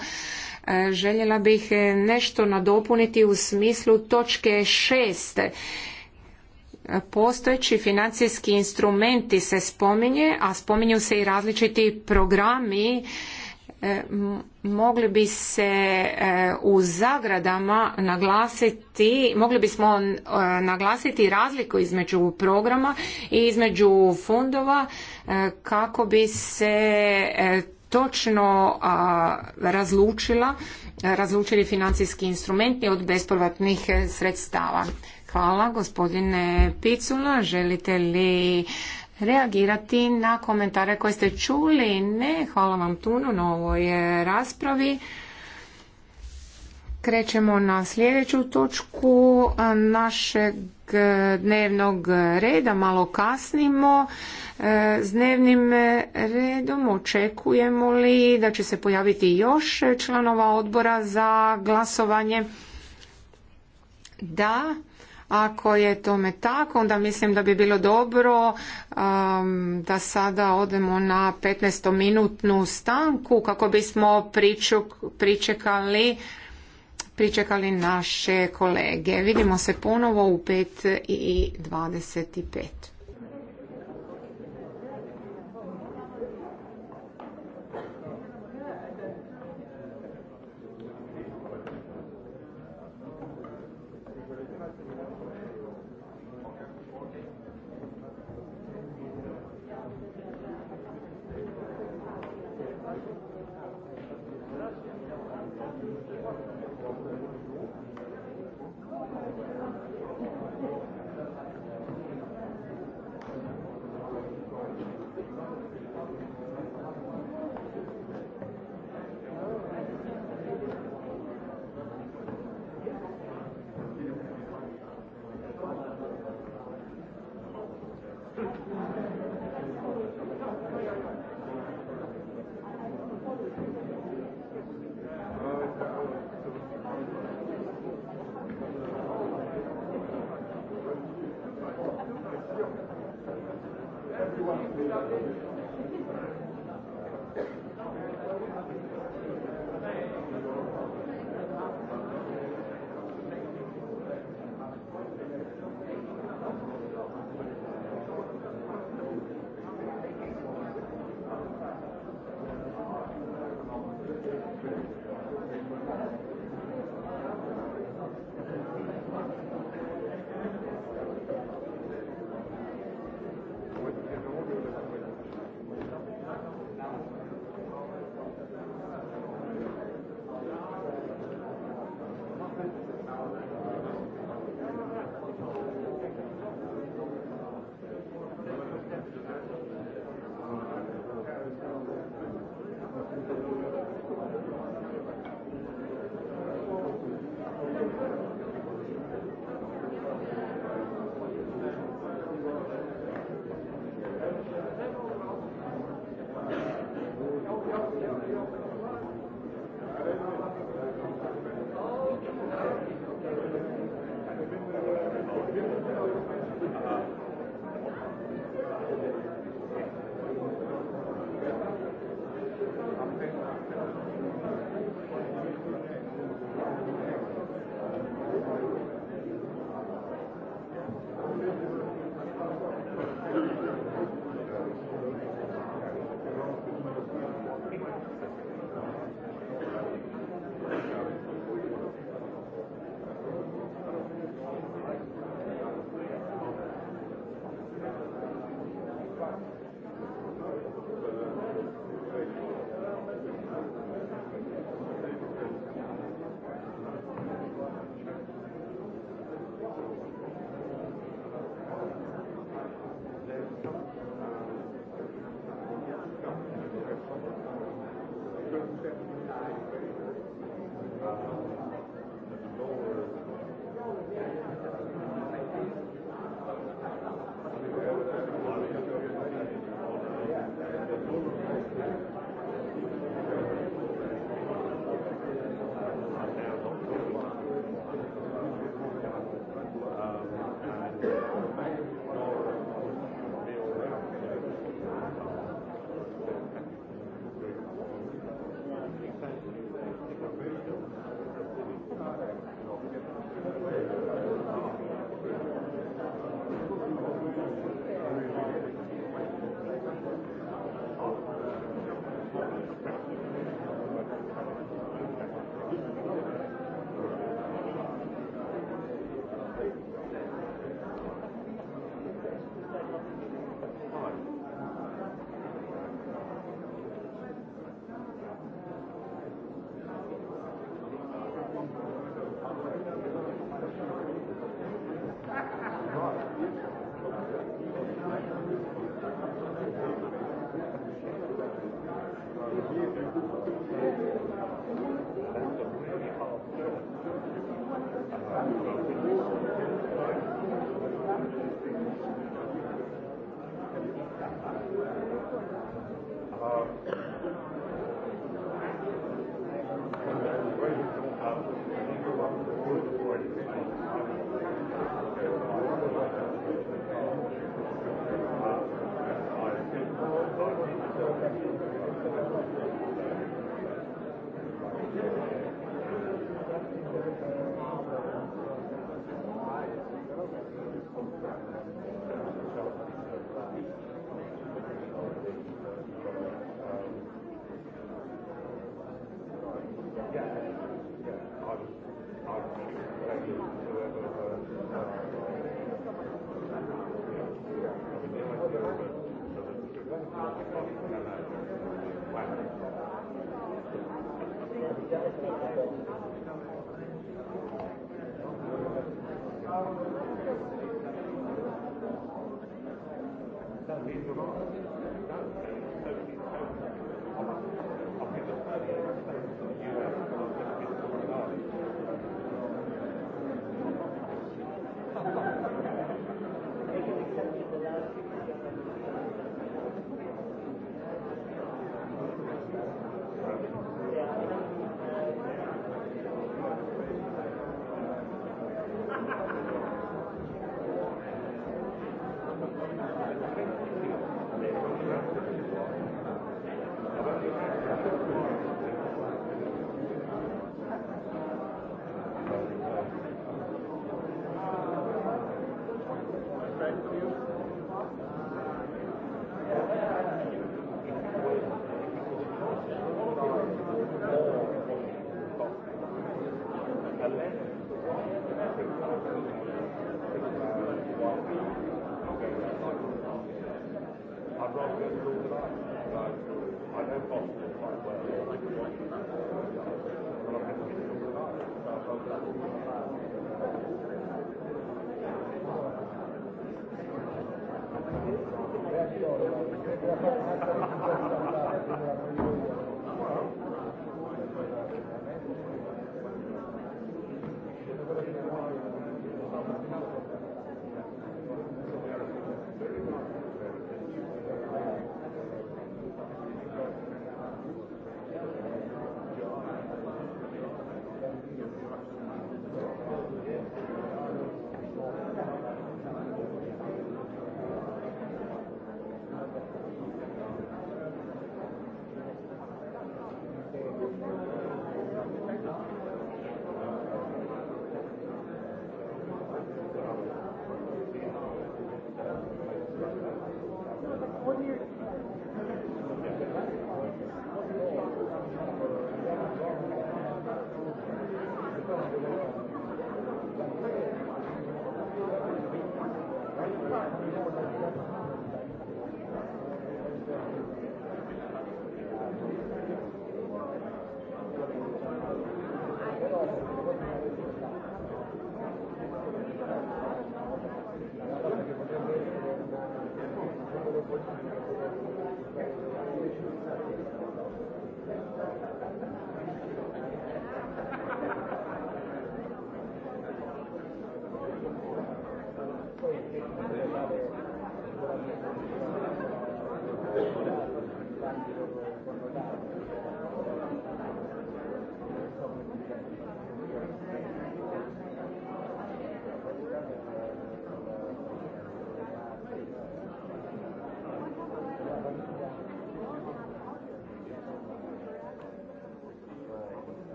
e, željela bih nešto nadopuniti u smislu točke šeste postojeći financijski instrumenti se spominje, a spominju se i različiti programi e, mogli bi se e, u zagradama naglasiti, mogli bismo e, naglasiti razliku između programa i između fondova kako bi se točno razlučila, razlučili financijski instrumenti od bespovratnih sredstava. Hvala gospodine Picula. Želite li reagirati na komentare koje ste čuli? Ne, hvala vam puno na ovoj raspravi. Krećemo na sljedeću točku našeg dnevnog reda, malo kasnimo. S dnevnim redom očekujemo li da će se pojaviti još članova odbora za glasovanje? Da. Ako je tome tako, onda mislim da bi bilo dobro um, da sada odemo na 15-minutnu stanku kako bismo priču, pričekali pričekali naše kolege. Vidimo se ponovo u 5 i 25.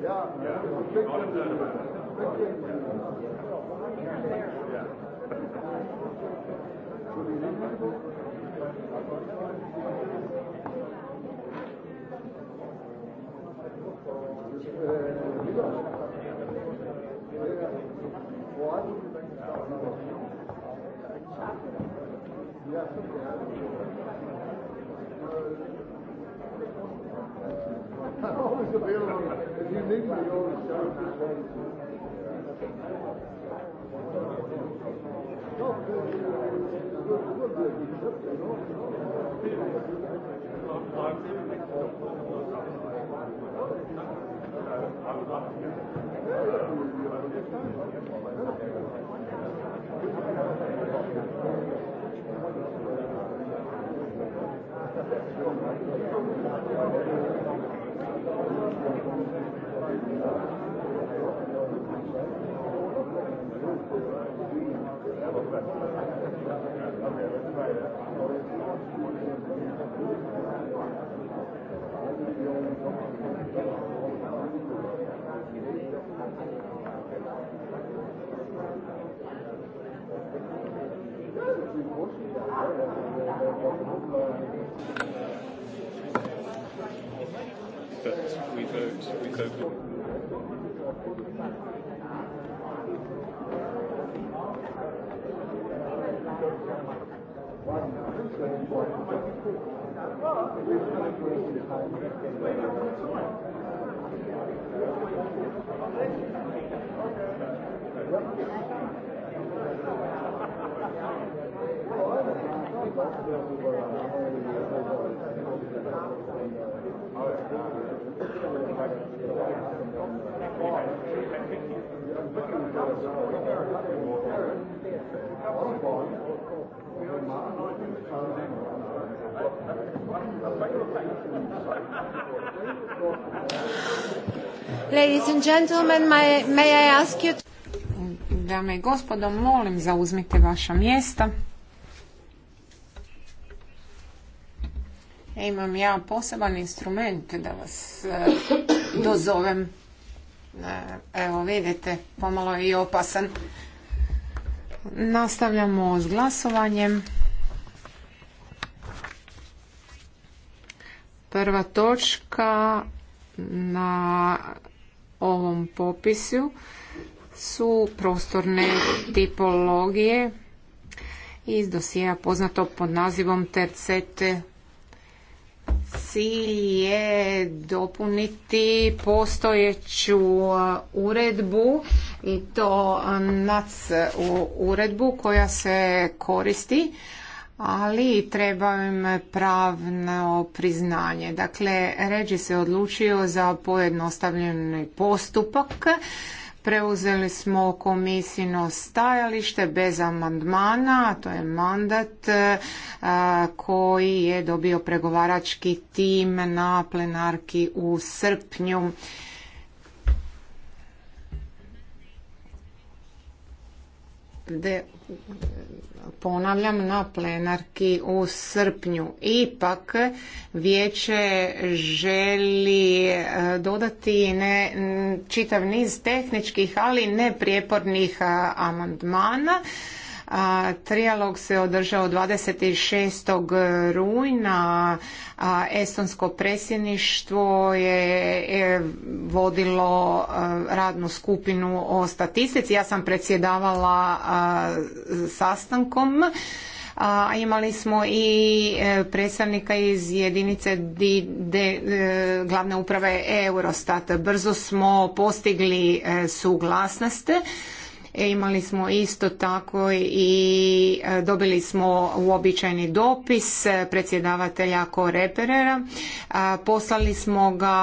Ja always available. If you need me, you always Okay, but we vote, we vote. Thank you. Ladies and gentlemen, may, I ask you... Dame i gospodo, molim zauzmite vaša mjesta. Imam ja poseban instrument da vas eh, dozovem E, evo vidite, pomalo i opasan. Nastavljamo s glasovanjem. Prva točka na ovom popisu su prostorne tipologije iz dosija poznato pod nazivom Tercete cilj je dopuniti postojeću uh, uredbu i to uh, NAC uredbu koja se koristi ali treba im pravno priznanje. Dakle, Ređi se odlučio za pojednostavljeni postupak Preuzeli smo komisijno stajalište bez amandmana, a to je mandat e, koji je dobio pregovarački tim na plenarki u srpnju. ponavljam na plenarki u srpnju. Ipak vijeće želi e, dodati ne, čitav niz tehničkih ali ne prijepornih amandmana trijalog se održao 26. rujna. A, Estonsko predsjedništvo je, e, vodilo e, radnu skupinu o statistici. Ja sam predsjedavala sastankom. A imali smo i e, predstavnika iz jedinice glavne uprave Eurostat Brzo smo postigli suglasnost E, imali smo isto tako i e, dobili smo uobičajeni dopis e, predsjedavatelja Koreperera. Poslali smo ga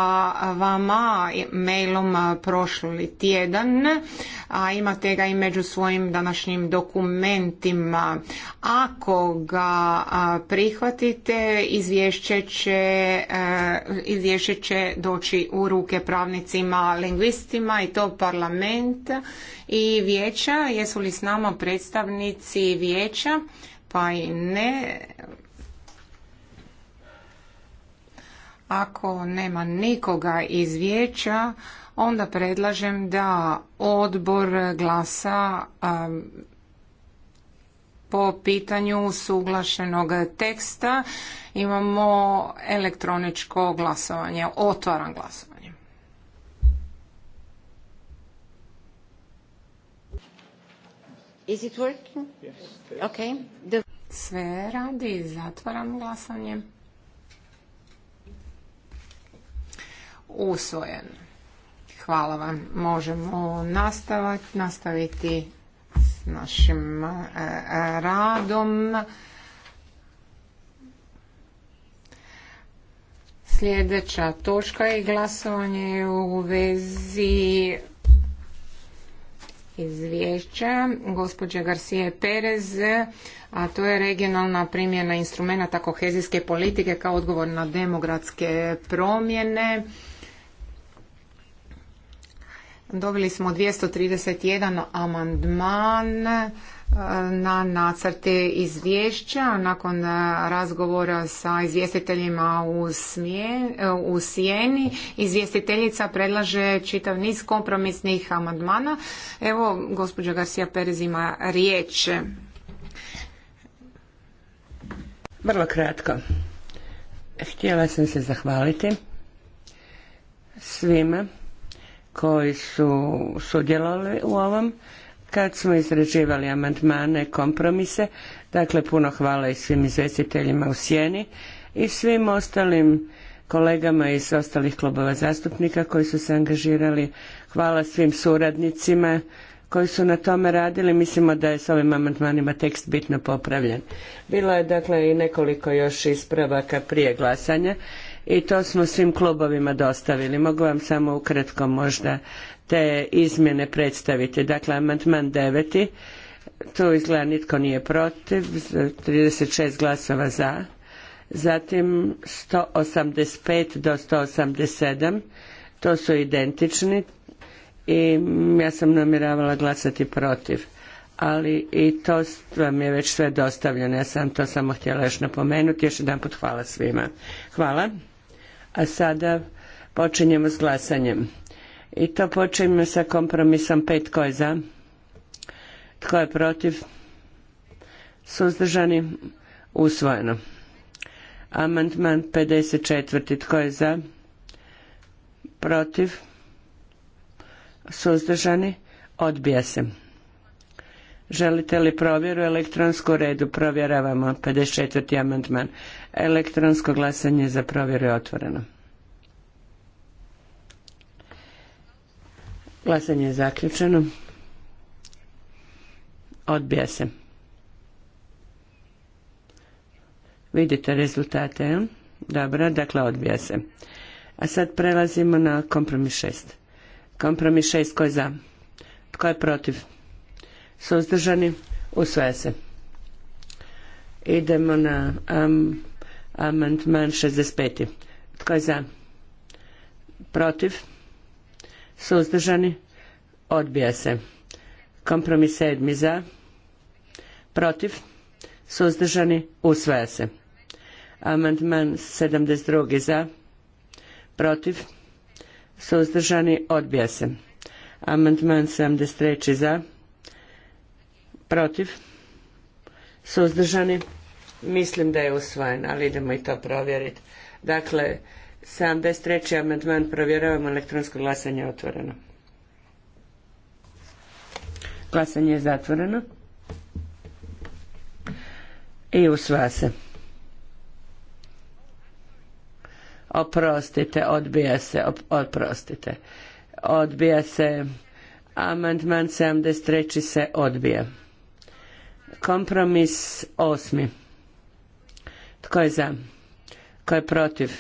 vama mailom prošli tjedan, a imate ga i među svojim današnjim dokumentima. Ako ga prihvatite, izvješće će, izvješće će doći u ruke pravnicima, lingvistima i to parlamenta i vijeća, jesu li s nama predstavnici vijeća, pa i ne. Ako nema nikoga iz vijeća, onda predlažem da odbor glasa um, po pitanju suglašenog teksta imamo elektroničko glasovanje. Otvaram glasovanje. Is it working? Yes. Okay. Sve radi, zatvaram glasanje. Usvojen. Hvala vam. Možemo nastaviti nastaviti s našim e, e, radom. Sljedeća točka je glasovanje u vezi izvješća gospođe Garcije Perez, a to je regionalna primjena instrumenta kohezijske politike kao odgovor na demografske promjene. Dobili smo 231 amandman na nacrte izvješća nakon e, razgovora sa izvjestiteljima u, u sjeni. Izvjestiteljica predlaže čitav niz kompromisnih amandmana. Evo, gospođa Garcia Perez ima riječ. Vrlo kratko. Htjela sam se zahvaliti svima koji su sudjelovali u ovom kad smo izrađivali amandmane, kompromise. Dakle, puno hvala i svim izvestiteljima u Sjeni i svim ostalim kolegama iz ostalih klubova zastupnika koji su se angažirali. Hvala svim suradnicima koji su na tome radili. Mislimo da je s ovim amandmanima tekst bitno popravljen. Bilo je dakle i nekoliko još ispravaka prije glasanja i to smo svim klubovima dostavili. Mogu vam samo ukratko možda te izmjene predstaviti. Dakle, amandman deveti, Tu izgleda nitko nije protiv, 36 glasova za. Zatim 185 do 187, to su identični i ja sam namjeravala glasati protiv. Ali i to vam je već sve dostavljeno, ja sam to samo htjela još napomenuti. Još jedan put hvala svima. Hvala. A sada počinjemo s glasanjem. I to počinjemo sa kompromisom pet tko je za, tko je protiv, suzdržani, usvojeno. Amandman 54. Tko je za? Protiv? Suzdržani? Odbija se. Želite li provjeru elektronsku redu? Provjeravamo 54. amandman. Elektronsko glasanje za provjeru je otvoreno. Glasanje je zaključeno. Odbija se. Vidite rezultate, jel Dobro, dakle odbija se. A sad prelazimo na kompromis šest. Kompromis šest. ko je za? Tko je protiv? Suzdržani? Usvaja se. Idemo na amandman amantman 65. Tko je za? Protiv? Suzdržani? Odbija se. Kompromis sedmi za. Protiv? Suzdržani? Usvaja se. Amandman 72. za. Protiv? Suzdržani? Odbija se. Amandman 73. za. Protiv? Suzdržani? Mislim da je usvojen, ali idemo i to provjeriti. Dakle, 73. amandman provjeravamo elektronsko glasanje otvoreno. Glasanje je zatvoreno. I usva se. Oprostite, odbija se, oprostite. Odbija se, amandman 73. se odbija. Kompromis osmi. Tko je za? Tko je protiv?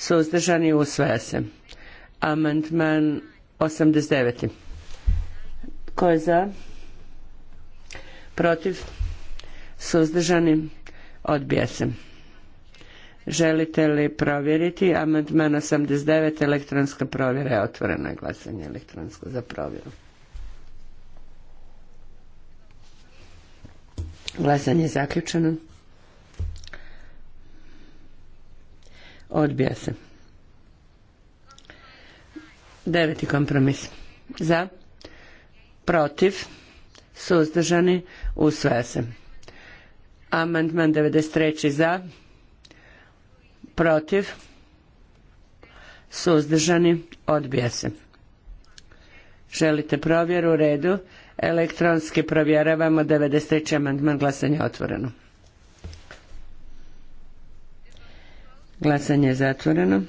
Suzdržani usvaja se. Amandman 89. Ko je za? Protiv? Suzdržani? Odbija se. Želite li provjeriti? Amandman 89. Elektronska provjera je otvoreno glasanje elektronsko za provjeru. Glasanje je zaključeno. Odbija se. Deveti kompromis. Za. Protiv. Suzdržani. Usvaja se. Amandman 93. Za. Protiv. Suzdržani. Odbija se. Želite provjeru u redu? Elektronski provjeravamo 93. amandman glasanje otvoreno. Glasanje je zatvoreno.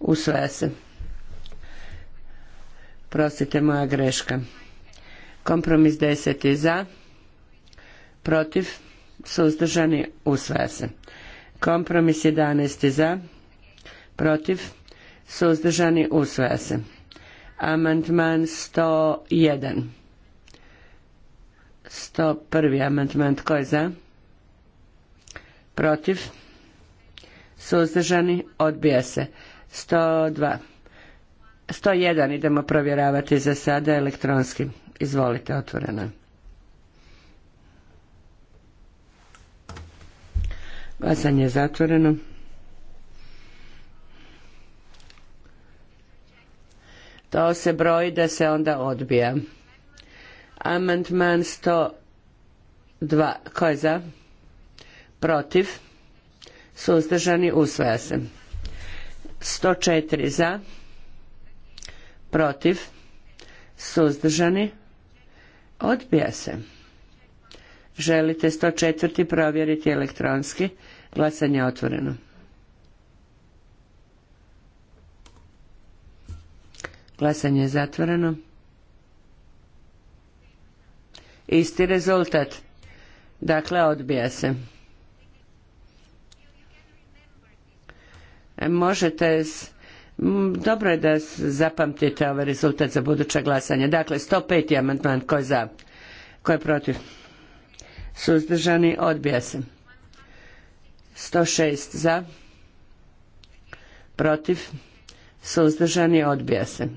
Usvaja se. Prostite moja greška. Kompromis 10 za, protiv, suzdržani, usvaja se. Kompromis 11 za, protiv, suzdržani, usvaja se. Amandman 101. 101. amandman, tko je za? protiv, suzdržani, odbija se. 102. 101 idemo provjeravati za sada elektronski. Izvolite, otvoreno Glasanje je zatvoreno. To se broji da se onda odbija. Amandman 102. Ko je za? protiv, suzdržani, usvaja se. 104 za, protiv, suzdržani, odbija se. Želite 104. provjeriti elektronski, glasanje otvoreno. Glasanje je zatvoreno. Isti rezultat. Dakle, odbija se. možete dobro je da zapamtite ovaj rezultat za buduća glasanja. Dakle, 105. amandman. Ko je za? Ko je protiv? Suzdržani? Odbija se. 106. Za? Protiv? Suzdržani? Odbija se.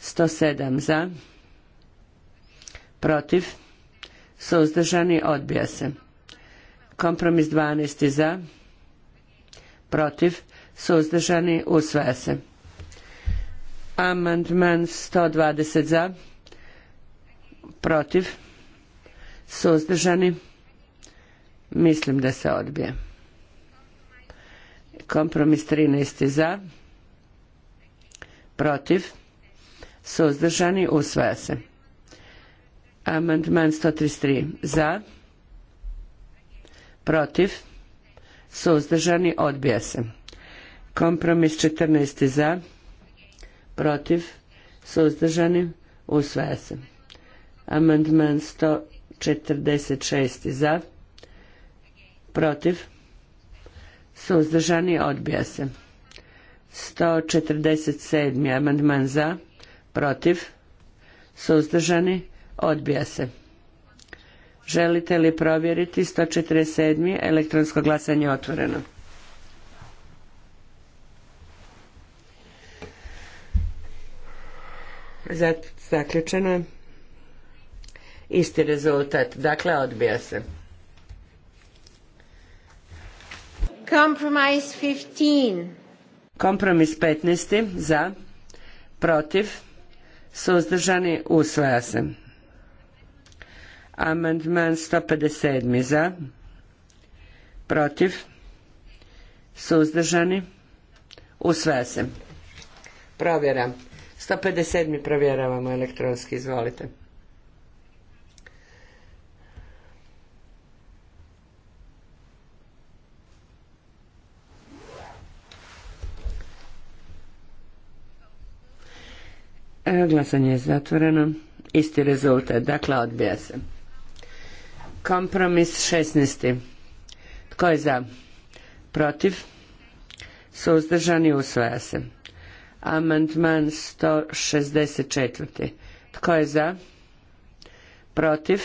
107. Za? Protiv? Suzdržani? Odbija se. Kompromis 12. Za? protiv, suzdržani, usvaja se. Amandman 120 za, protiv, suzdržani, mislim da se odbije. Kompromis 13 za, protiv, suzdržani, usvaja se. Amandman 133 za, protiv, suzdržani, odbija se. Kompromis 14. za, protiv, suzdržani, usvaja se. Amandman 146. za, protiv, suzdržani, odbija se. 147. amandman za, protiv, suzdržani, odbija se. Želite li provjeriti 147. elektronsko glasanje otvoreno? Zaključeno je. Isti rezultat. Dakle, odbija se. Kompromis 15. Kompromis 15. Za. Protiv. Suzdržani. Usvaja se. Amandman 157. za, protiv, suzdržani, usvaja se. Provjera. 157. provjeravamo elektronski, izvolite. E, glasanje je zatvoreno. Isti rezultat, dakle odbija se. Kompromis 16. Tko je za? Protiv? Suzdržani usvaja se. Amandman 164. Tko je za? Protiv?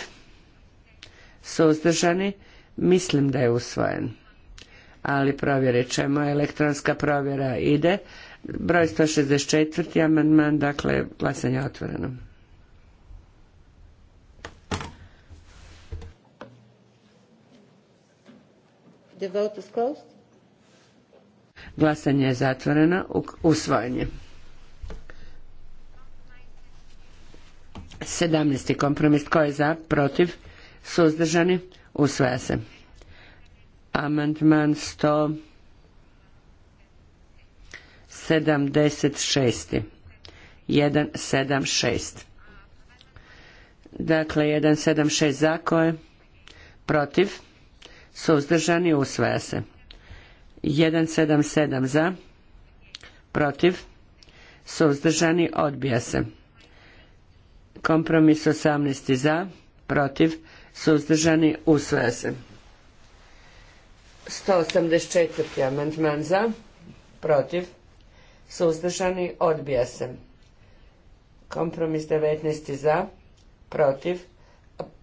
Suzdržani? Mislim da je usvojen. Ali provjerit ćemo. Elektronska provjera ide. Broj 164. Amandman, dakle, glasanje otvoreno. The vote is closed. Glasanje je zatvoreno. Usvojenje. 17. kompromis. Tko je za? Protiv? Suzdržani? Usvaja se. Amandman 176. 176. Dakle, 176 za koje? Protiv? Suzdržani usvaja se. 177 za. Protiv. Suzdržani odbija se. Kompromis 18 za. Protiv. Suzdržani usvaja se. 184. amandman za. Protiv. Suzdržani odbija se. Kompromis 19 za. Protiv.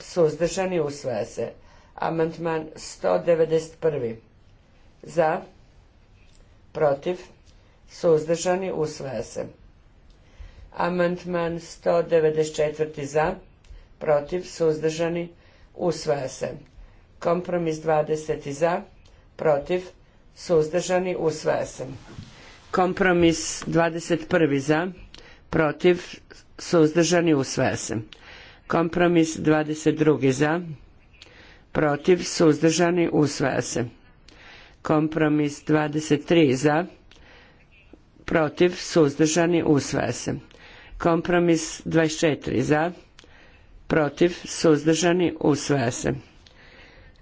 Suzdržani usvaja se. Amandman 191. Za, protiv, suzdržani, usvaja se. Amandman 194. Za, protiv, suzdržani, usvaja se. Kompromis 20. Za, protiv, suzdržani, usvaja se. Kompromis 21. Za, protiv, suzdržani, usvaja se. Kompromis 22. Za, protiv, suzdržani, usvaja se. Kompromis 23 za, protiv, suzdržani, usvaja se. Kompromis 24 za, protiv, suzdržani, usvaja se.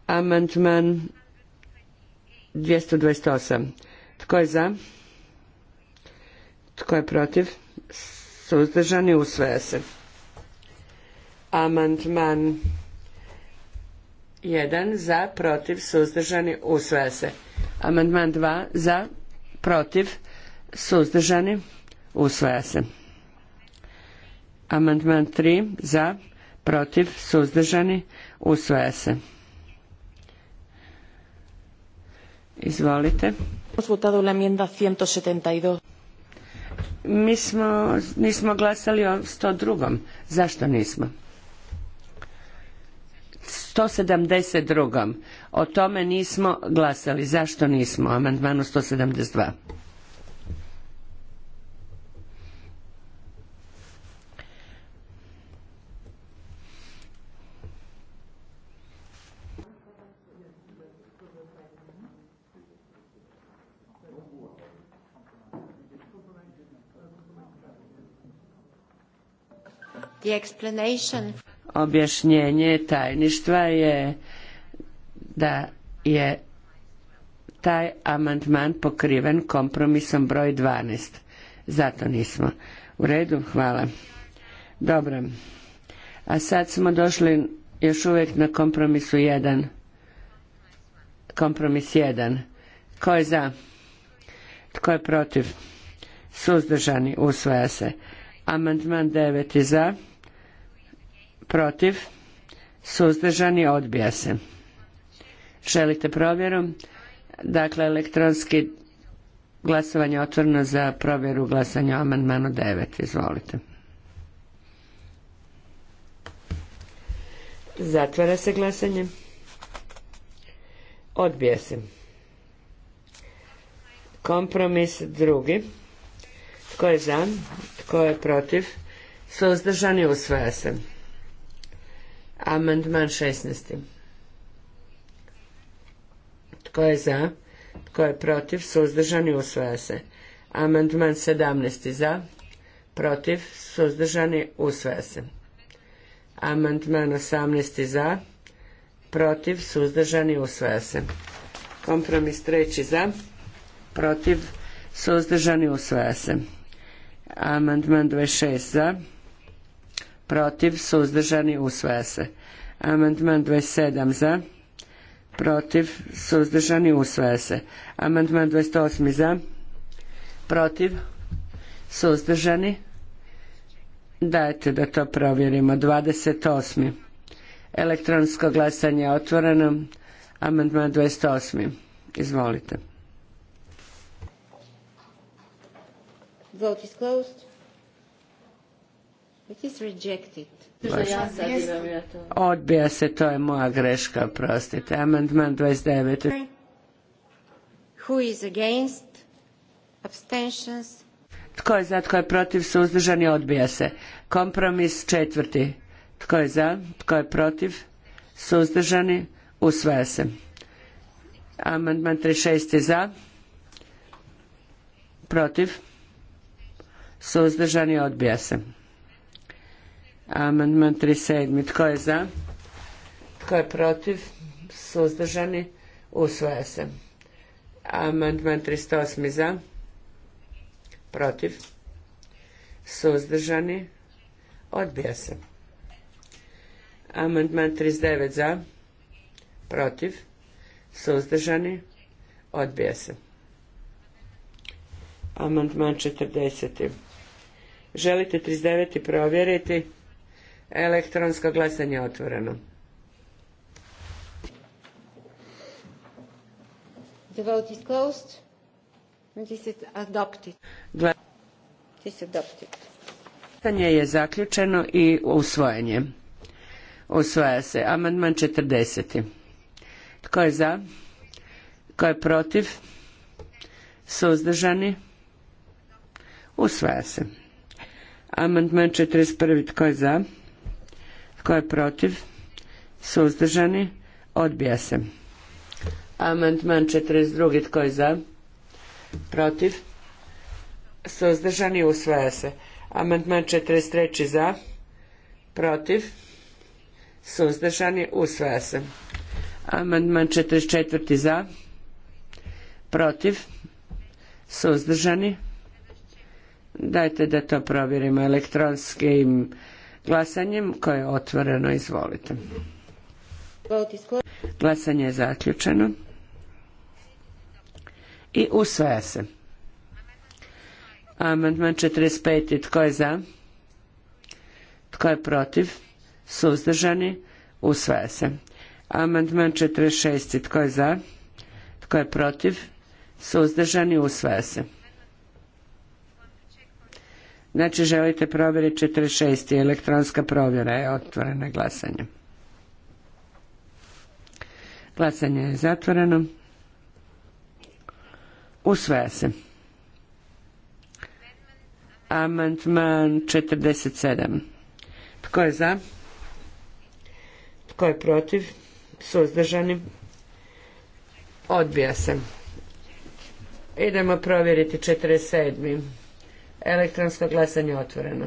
Amandman 228. Tko je za? Tko je protiv? Suzdržani, usvaja se. Amandman 1 za, protiv, suzdržani, usvaja se. Amandman 2 za, protiv, suzdržani, usvaja se. Amandman 3 za, protiv, suzdržani, usvaja se. Izvolite. Votado la enmienda 172. Mi smo, nismo glasali o 102. Zašto nismo? 172. O tome nismo glasali. Zašto nismo? O amandmanu 172. The explanation objašnjenje tajništva je da je taj amandman pokriven kompromisom broj 12. Zato nismo. U redu, hvala. Dobro. A sad smo došli još uvijek na kompromisu 1. Kompromis 1. Ko je za? Tko je protiv? Suzdržani, usvaja se. Amandman 9 za protiv, suzdržani, odbija se. Želite provjeru? Dakle, elektronski glasovanje otvoreno za provjeru glasanja o amandmanu 9. Izvolite. Zatvara se glasanje. Odbija se. Kompromis drugi. Tko je za? Tko je protiv? Suzdržani usvaja se. Amandman 16. Tko je za? Tko je protiv? Suzdržani usvaja se. Amandman 17. za? Protiv? Suzdržani usvaja se. Amandman 18. za? Protiv? Suzdržani usvaja se. Kompromis 3. za? Protiv? Suzdržani usvaja se. Amandman 26. za? protiv, suzdržani, usvaja se. Amandman 27 za, protiv, suzdržani, usvaja se. Amandman 28 za, protiv, suzdržani, dajte da to provjerimo. 28. Elektronsko glasanje otvoreno. Amandman 28. Izvolite. Vote is closed. Odbija se, to je moja greška, prostite. Amandman 29. Tko je za, tko je protiv, suzdržani, odbija se. Kompromis četvrti. Tko je za, tko je protiv, suzdržani, usvaja se. Amandman 36. za, protiv, suzdržani, odbija se. Amandman 37. Tko je za? Tko je protiv? Suzdržani? Usvoja se. Amandman 308. Za? Protiv? Suzdržani? Odbija se. Amandman 39. Za? Protiv? Suzdržani? Odbija se. Amandman 40. Želite 39. provjeriti? Elektronsko glasanje je otvoreno. The vote is closed. this is adopted. Gla this is adopted. Glasanje je zaključeno i usvojen je. Usvaja se. Amandman 40. Tko je za? Tko je protiv? Suzdržani? Usvaja se. Amandman 41. Tko je za? Tko je protiv? Suzdržani? Odbija se. Amandman 42. Tko je za? Protiv? Suzdržani? Usvaja se. Amandman 43. Za? Protiv? Suzdržani? Usvaja se. Amandman 44. Za? Protiv? Suzdržani? Dajte da to provjerimo elektronskim glasanjem koje je otvoreno. Izvolite. Glasanje je zaključeno. I usvaja se. Amandman 45. Tko je za? Tko je protiv? Suzdržani? Usvaja se. Amandman 46. Tko je za? Tko je protiv? Suzdržani? Usvaja se. Znači želite provjeriti 46. elektronska provjera je otvorena glasanje. Glasanje je zatvoreno. Usvaja se. Amantman 47. Tko je za? Tko je protiv? Suzdržani? Odbija se. Idemo provjeriti 47. Elektronsko glasanje otvoreno.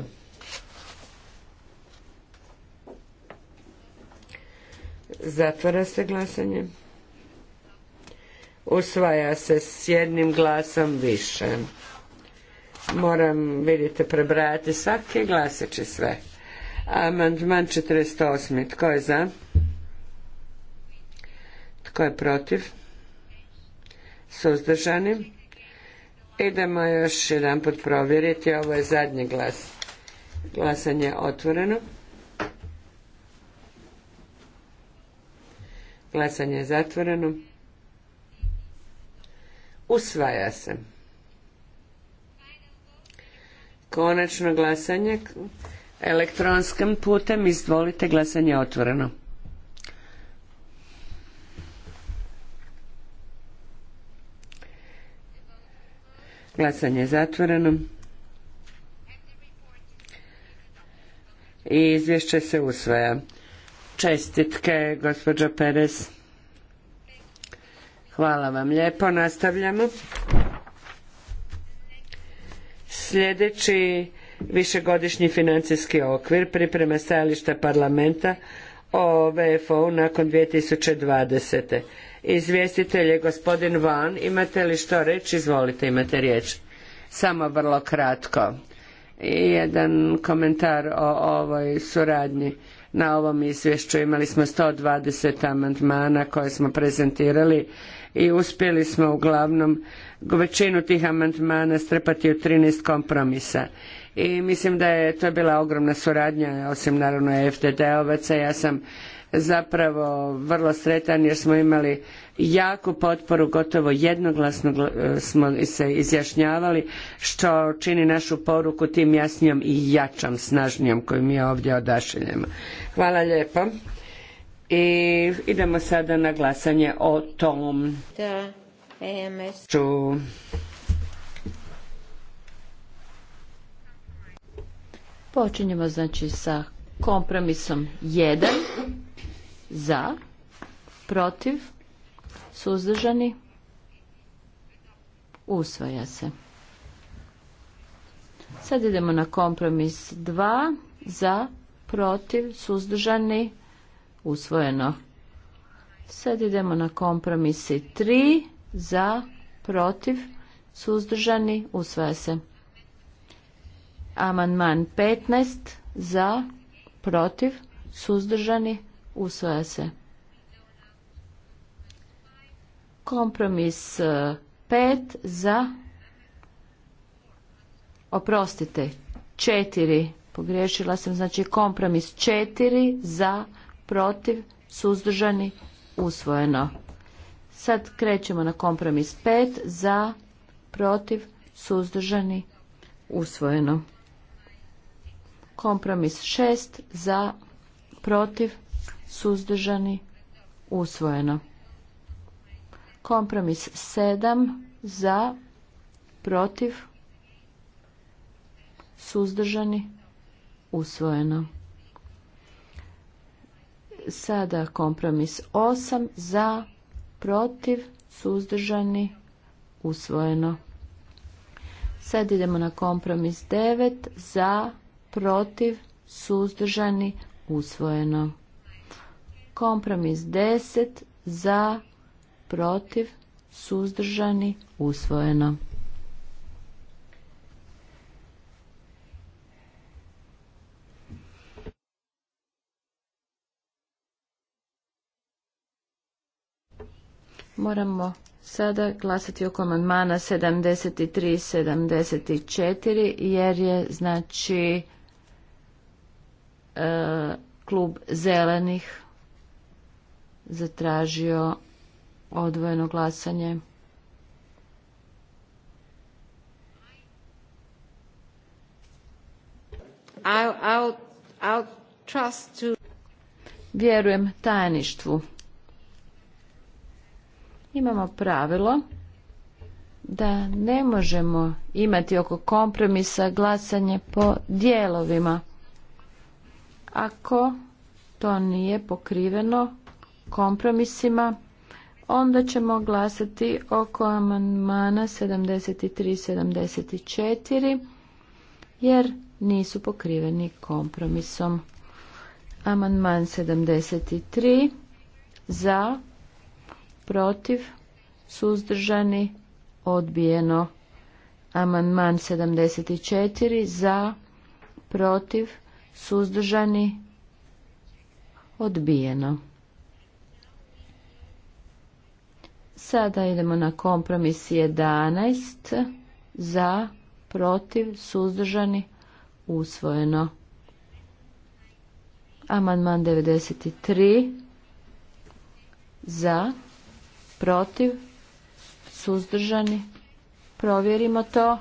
Zatvara se glasanje. Usvaja se s jednim glasom više. Moram, vidite, prebrajati svaki glaseći sve. Amandman 48. Tko je za? Tko je protiv? Suzdržani? Idemo još jedan put provjeriti, ovo je zadnji glas. Glasanje je otvoreno. Glasanje je zatvoreno. Usvaja se. Konačno glasanje elektronskim putem. Izvolite, glasanje otvoreno. Glasanje je zatvoreno. I izvješće se usvaja. Čestitke, gospođo Perez. Hvala vam lijepo, nastavljamo. Sljedeći višegodišnji financijski okvir priprema stajališta parlamenta o VFO-u nakon 2020 izvjestitelj je gospodin Van. Imate li što reći? Izvolite, imate riječ. Samo vrlo kratko. jedan komentar o ovoj suradnji na ovom izvješću. Imali smo 120 amandmana koje smo prezentirali i uspjeli smo uglavnom većinu tih amandmana strpati u 13 kompromisa. I mislim da je to bila ogromna suradnja, osim naravno FDD-ovaca. Ja sam zapravo vrlo sretan jer smo imali jaku potporu, gotovo jednoglasno e, smo se izjašnjavali što čini našu poruku tim jasnijom i jačom, snažnijom koju mi ovdje odašiljemo. Hvala lijepo. I idemo sada na glasanje o tom. Da, Počinjemo znači sa kompromisom 1 za, protiv, suzdržani, usvaja se. Sad idemo na kompromis 2, za, protiv, suzdržani, usvojeno. Sad idemo na kompromisi 3, za, protiv, suzdržani, usvaja se. Amandman 15, za, protiv, suzdržani, usvaja se. Kompromis 5 e, za, oprostite, 4, pogriješila sam, znači kompromis 4 za, protiv, suzdržani, usvojeno. Sad krećemo na kompromis 5 za, protiv, suzdržani, usvojeno. Kompromis 6 za, protiv, suzdržani, usvojeno. Kompromis 7 za, protiv, suzdržani, usvojeno. Sada kompromis 8 za, protiv, suzdržani, usvojeno. Sad idemo na kompromis 9 za, protiv, suzdržani, usvojeno. Kompromis 10 za, protiv, suzdržani, usvojeno. Moramo sada glasati oko amandmana 73 74 jer je znači e, klub zelenih zatražio odvojeno glasanje. Vjerujem tajništvu. Imamo pravilo da ne možemo imati oko kompromisa glasanje po dijelovima. Ako to nije pokriveno kompromisima. Onda ćemo glasati oko amandmana 73 74 jer nisu pokriveni kompromisom. Amandman 73 za, protiv, suzdržani, odbijeno. Amandman 74 za, protiv, suzdržani, odbijeno. Sada idemo na kompromis 11 za, protiv, suzdržani, usvojeno. Amandman 93 za, protiv, suzdržani, provjerimo to.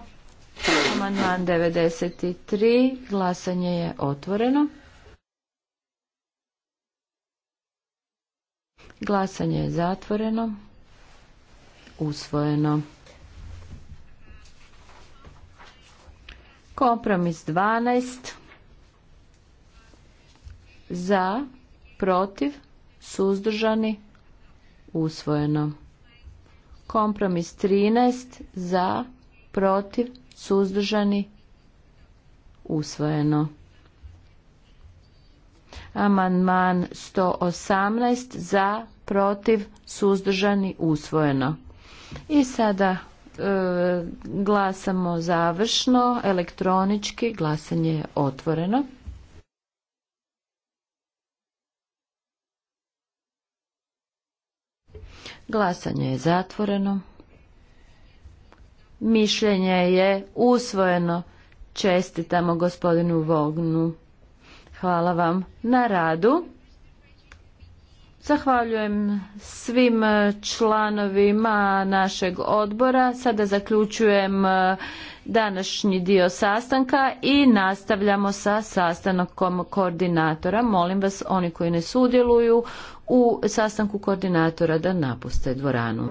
Amandman 93, glasanje je otvoreno. Glasanje je zatvoreno usvojeno. Kompromis 12 za, protiv, suzdržani, usvojeno. Kompromis 13 za, protiv, suzdržani, usvojeno. Amandman 118 za, protiv, suzdržani, usvojeno. I sada e, glasamo završno, elektronički, glasanje je otvoreno. Glasanje je zatvoreno. Mišljenje je usvojeno. Čestitamo gospodinu Vognu. Hvala vam na radu. Zahvaljujem svim e, članovima našeg odbora. Sada zaključujem e, današnji dio sastanka i nastavljamo sa sastankom koordinatora. Molim vas, oni koji ne sudjeluju u sastanku koordinatora da napuste dvoranu.